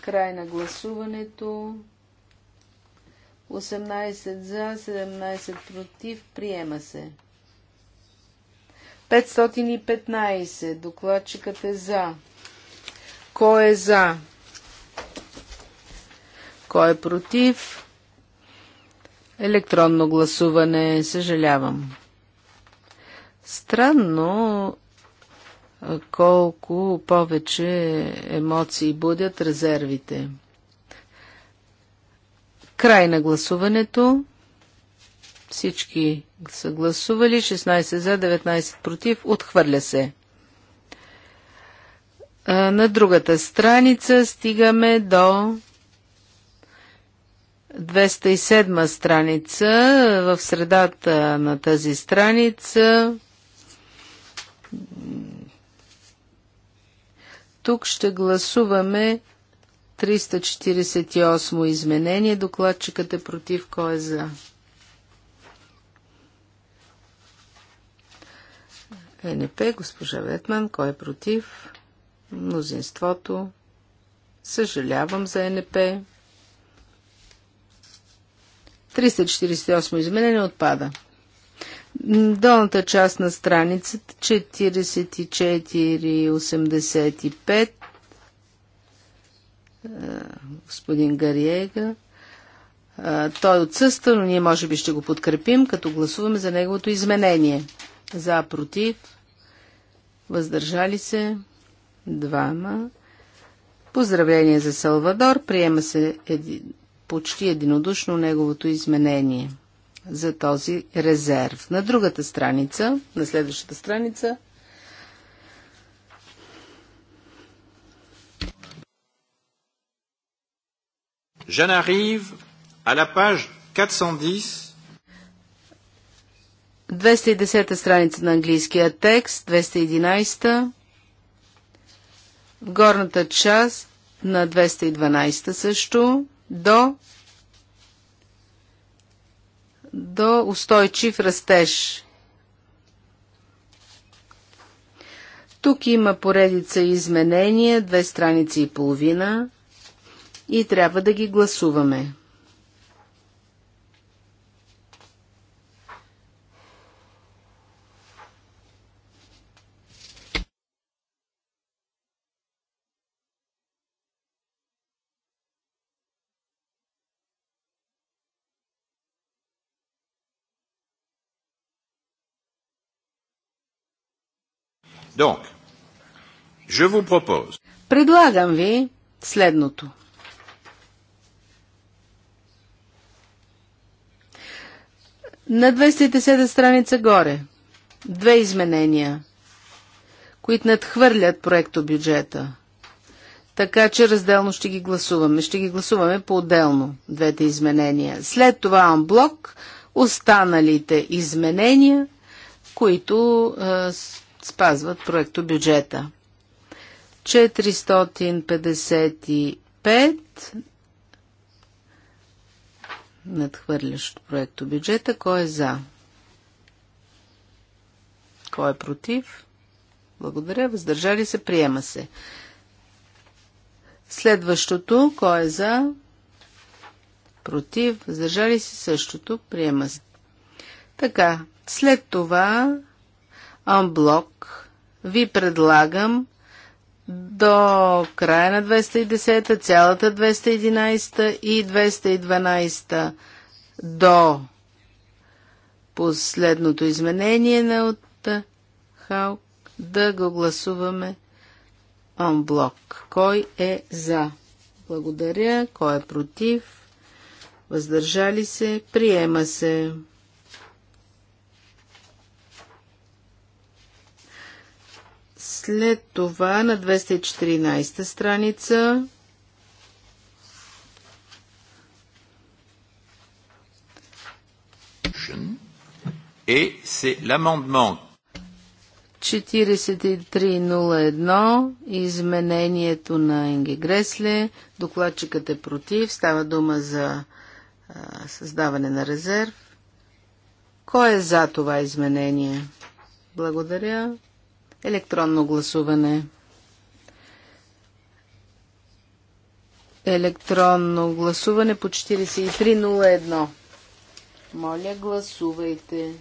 Край на гласуването. 18 за, 17 против. Приема се. 515. Докладчикът е за. Кой е за? Кой е против? Електронно гласуване, съжалявам. Странно колко повече емоции будят резервите. Край на гласуването. Всички са гласували. 16 за, 19 против. Отхвърля се. На другата страница стигаме до 207 страница, в средата на тази страница. Тук ще гласуваме 348 изменение. Докладчикът е против. Кой е за? ЕНП, госпожа Ветман. Кой е против? Мнозинството. Съжалявам за ЕНП. 348 изменение отпада. Долната част на страницата 4485 господин Гариега. Той отсъства, но ние може би ще го подкрепим, като гласуваме за неговото изменение. За, против, въздържали се, двама. Поздравление за Салвадор, приема се един почти единодушно неговото изменение за този резерв. На другата страница, на следващата страница, J'en arrive à la page 410. 210 страница на английския текст, 211 в горната част на 212 също, до, до устойчив растеж. Тук има поредица изменения, две страници и половина и трябва да ги гласуваме. Donc, je vous propose... Предлагам ви следното. На 207 страница горе две изменения, които надхвърлят проекто бюджета. Така че разделно ще ги гласуваме. Ще ги гласуваме по-отделно двете изменения. След това блок, останалите изменения, които е, спазват проекто бюджета. 455 надхвърлящ проекто бюджета. Кой е за? Кой е против? Благодаря. Въздържали се. Приема се. Следващото. Кой е за? Против. Въздържали се същото. Приема се. Така. След това Амблок ви предлагам до края на 210, цялата 211 и 212 до последното изменение на от Хаук да го гласуваме онблок. Кой е за? Благодаря. Кой е против? Въздържали се? Приема се. След това на 214 страница et е, c'est l'amendement 4301, изменението на Енге Гресле, докладчикът е против, става дума за а, създаване на резерв. Кой е за това изменение? Благодаря. Електронно гласуване. Електронно гласуване по 4301. Моля, гласувайте.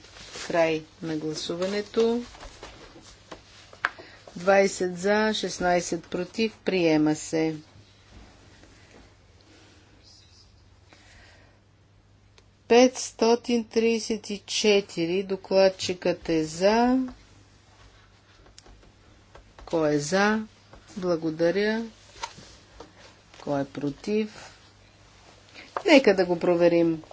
Край на гласуването. 20 за, 16 против. Приема се. Петстотин докладчикът е за. Кой е за? Благодаря. Кой е против? Нека да го проверим.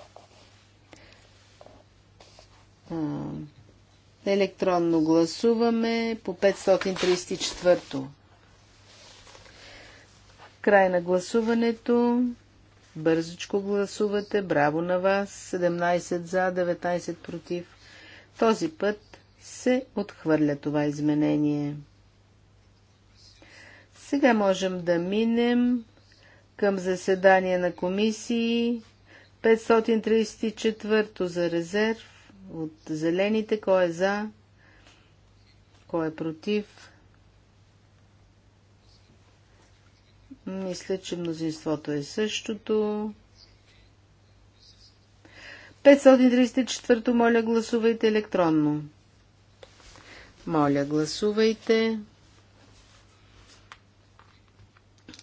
Електронно гласуваме по 534. Край на гласуването. Бързичко гласувате. Браво на вас. 17 за, 19 против. Този път се отхвърля това изменение. Сега можем да минем към заседание на комисии 534 за резерв от зелените. Кой е за? Кой е против? Мисля, че мнозинството е същото. 534 моля гласувайте електронно. Моля гласувайте.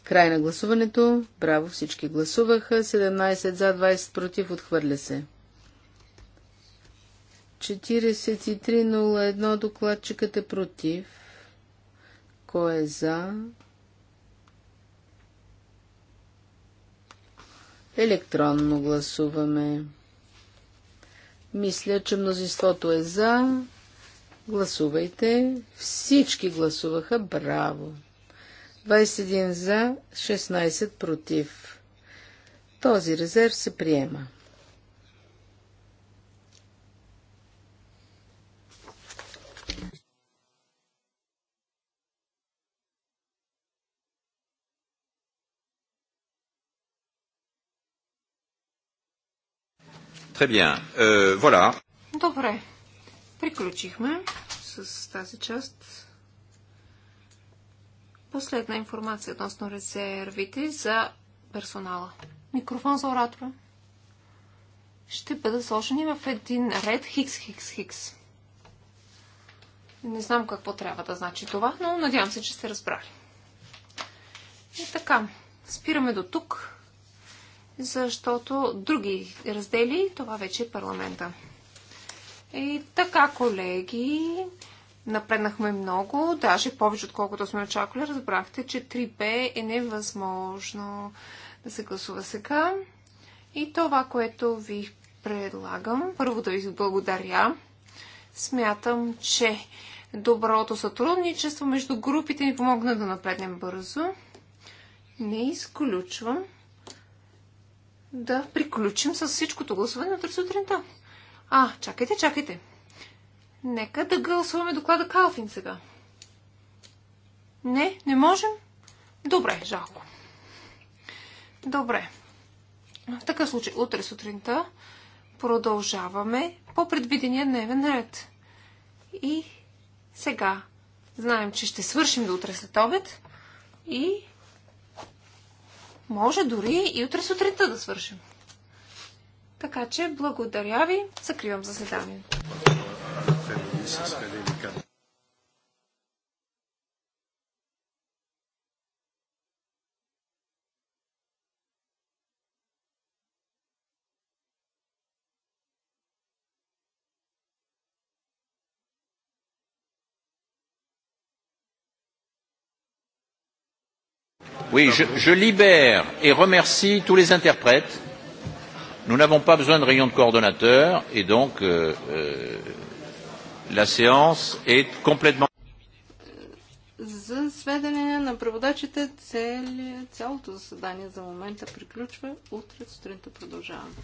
Край на гласуването. Браво, всички гласуваха. 17 за, 20 против, отхвърля се. 43.01 докладчикът е против. Кой е за? Електронно гласуваме. Мисля, че мнозинството е за. Гласувайте. Всички гласуваха. Браво! 21 за, 16 против. Този резерв се приема. Très bien. Euh, voilà. Добре. Приключихме с тази част. Последна информация относно резервите за персонала. Микрофон за оратора. Ще бъдат сложени в един ред хикс, хикс, хикс. Не знам какво трябва да значи това, но надявам се, че сте разбрали. И така, спираме до тук, защото други раздели, това вече е парламента. И така, колеги, Напреднахме много, даже повече отколкото сме очаквали. Разбрахте, че 3B е невъзможно да се гласува сега. И това, което ви предлагам, първо да ви благодаря. Смятам, че доброто сътрудничество между групите ни помогна да напреднем бързо. Не изключвам да приключим с всичкото гласуване от сутринта. А, чакайте, чакайте. Нека да гласуваме доклада Калфин сега. Не, не можем? Добре, жалко. Добре. В такъв случай, утре сутринта продължаваме по предвидения дневен ред. И сега знаем, че ще свършим до утре след обед и може дори и утре сутринта да свършим. Така че, благодаря ви. Закривам заседанието. Oui, je, je libère et remercie tous les interprètes. Nous n'avons pas besoin de réunion de coordonnateurs et donc euh, euh, La séance est complètement... За сведения на преводачите, цялото заседание за момента приключва. Утре сутринта продължаваме.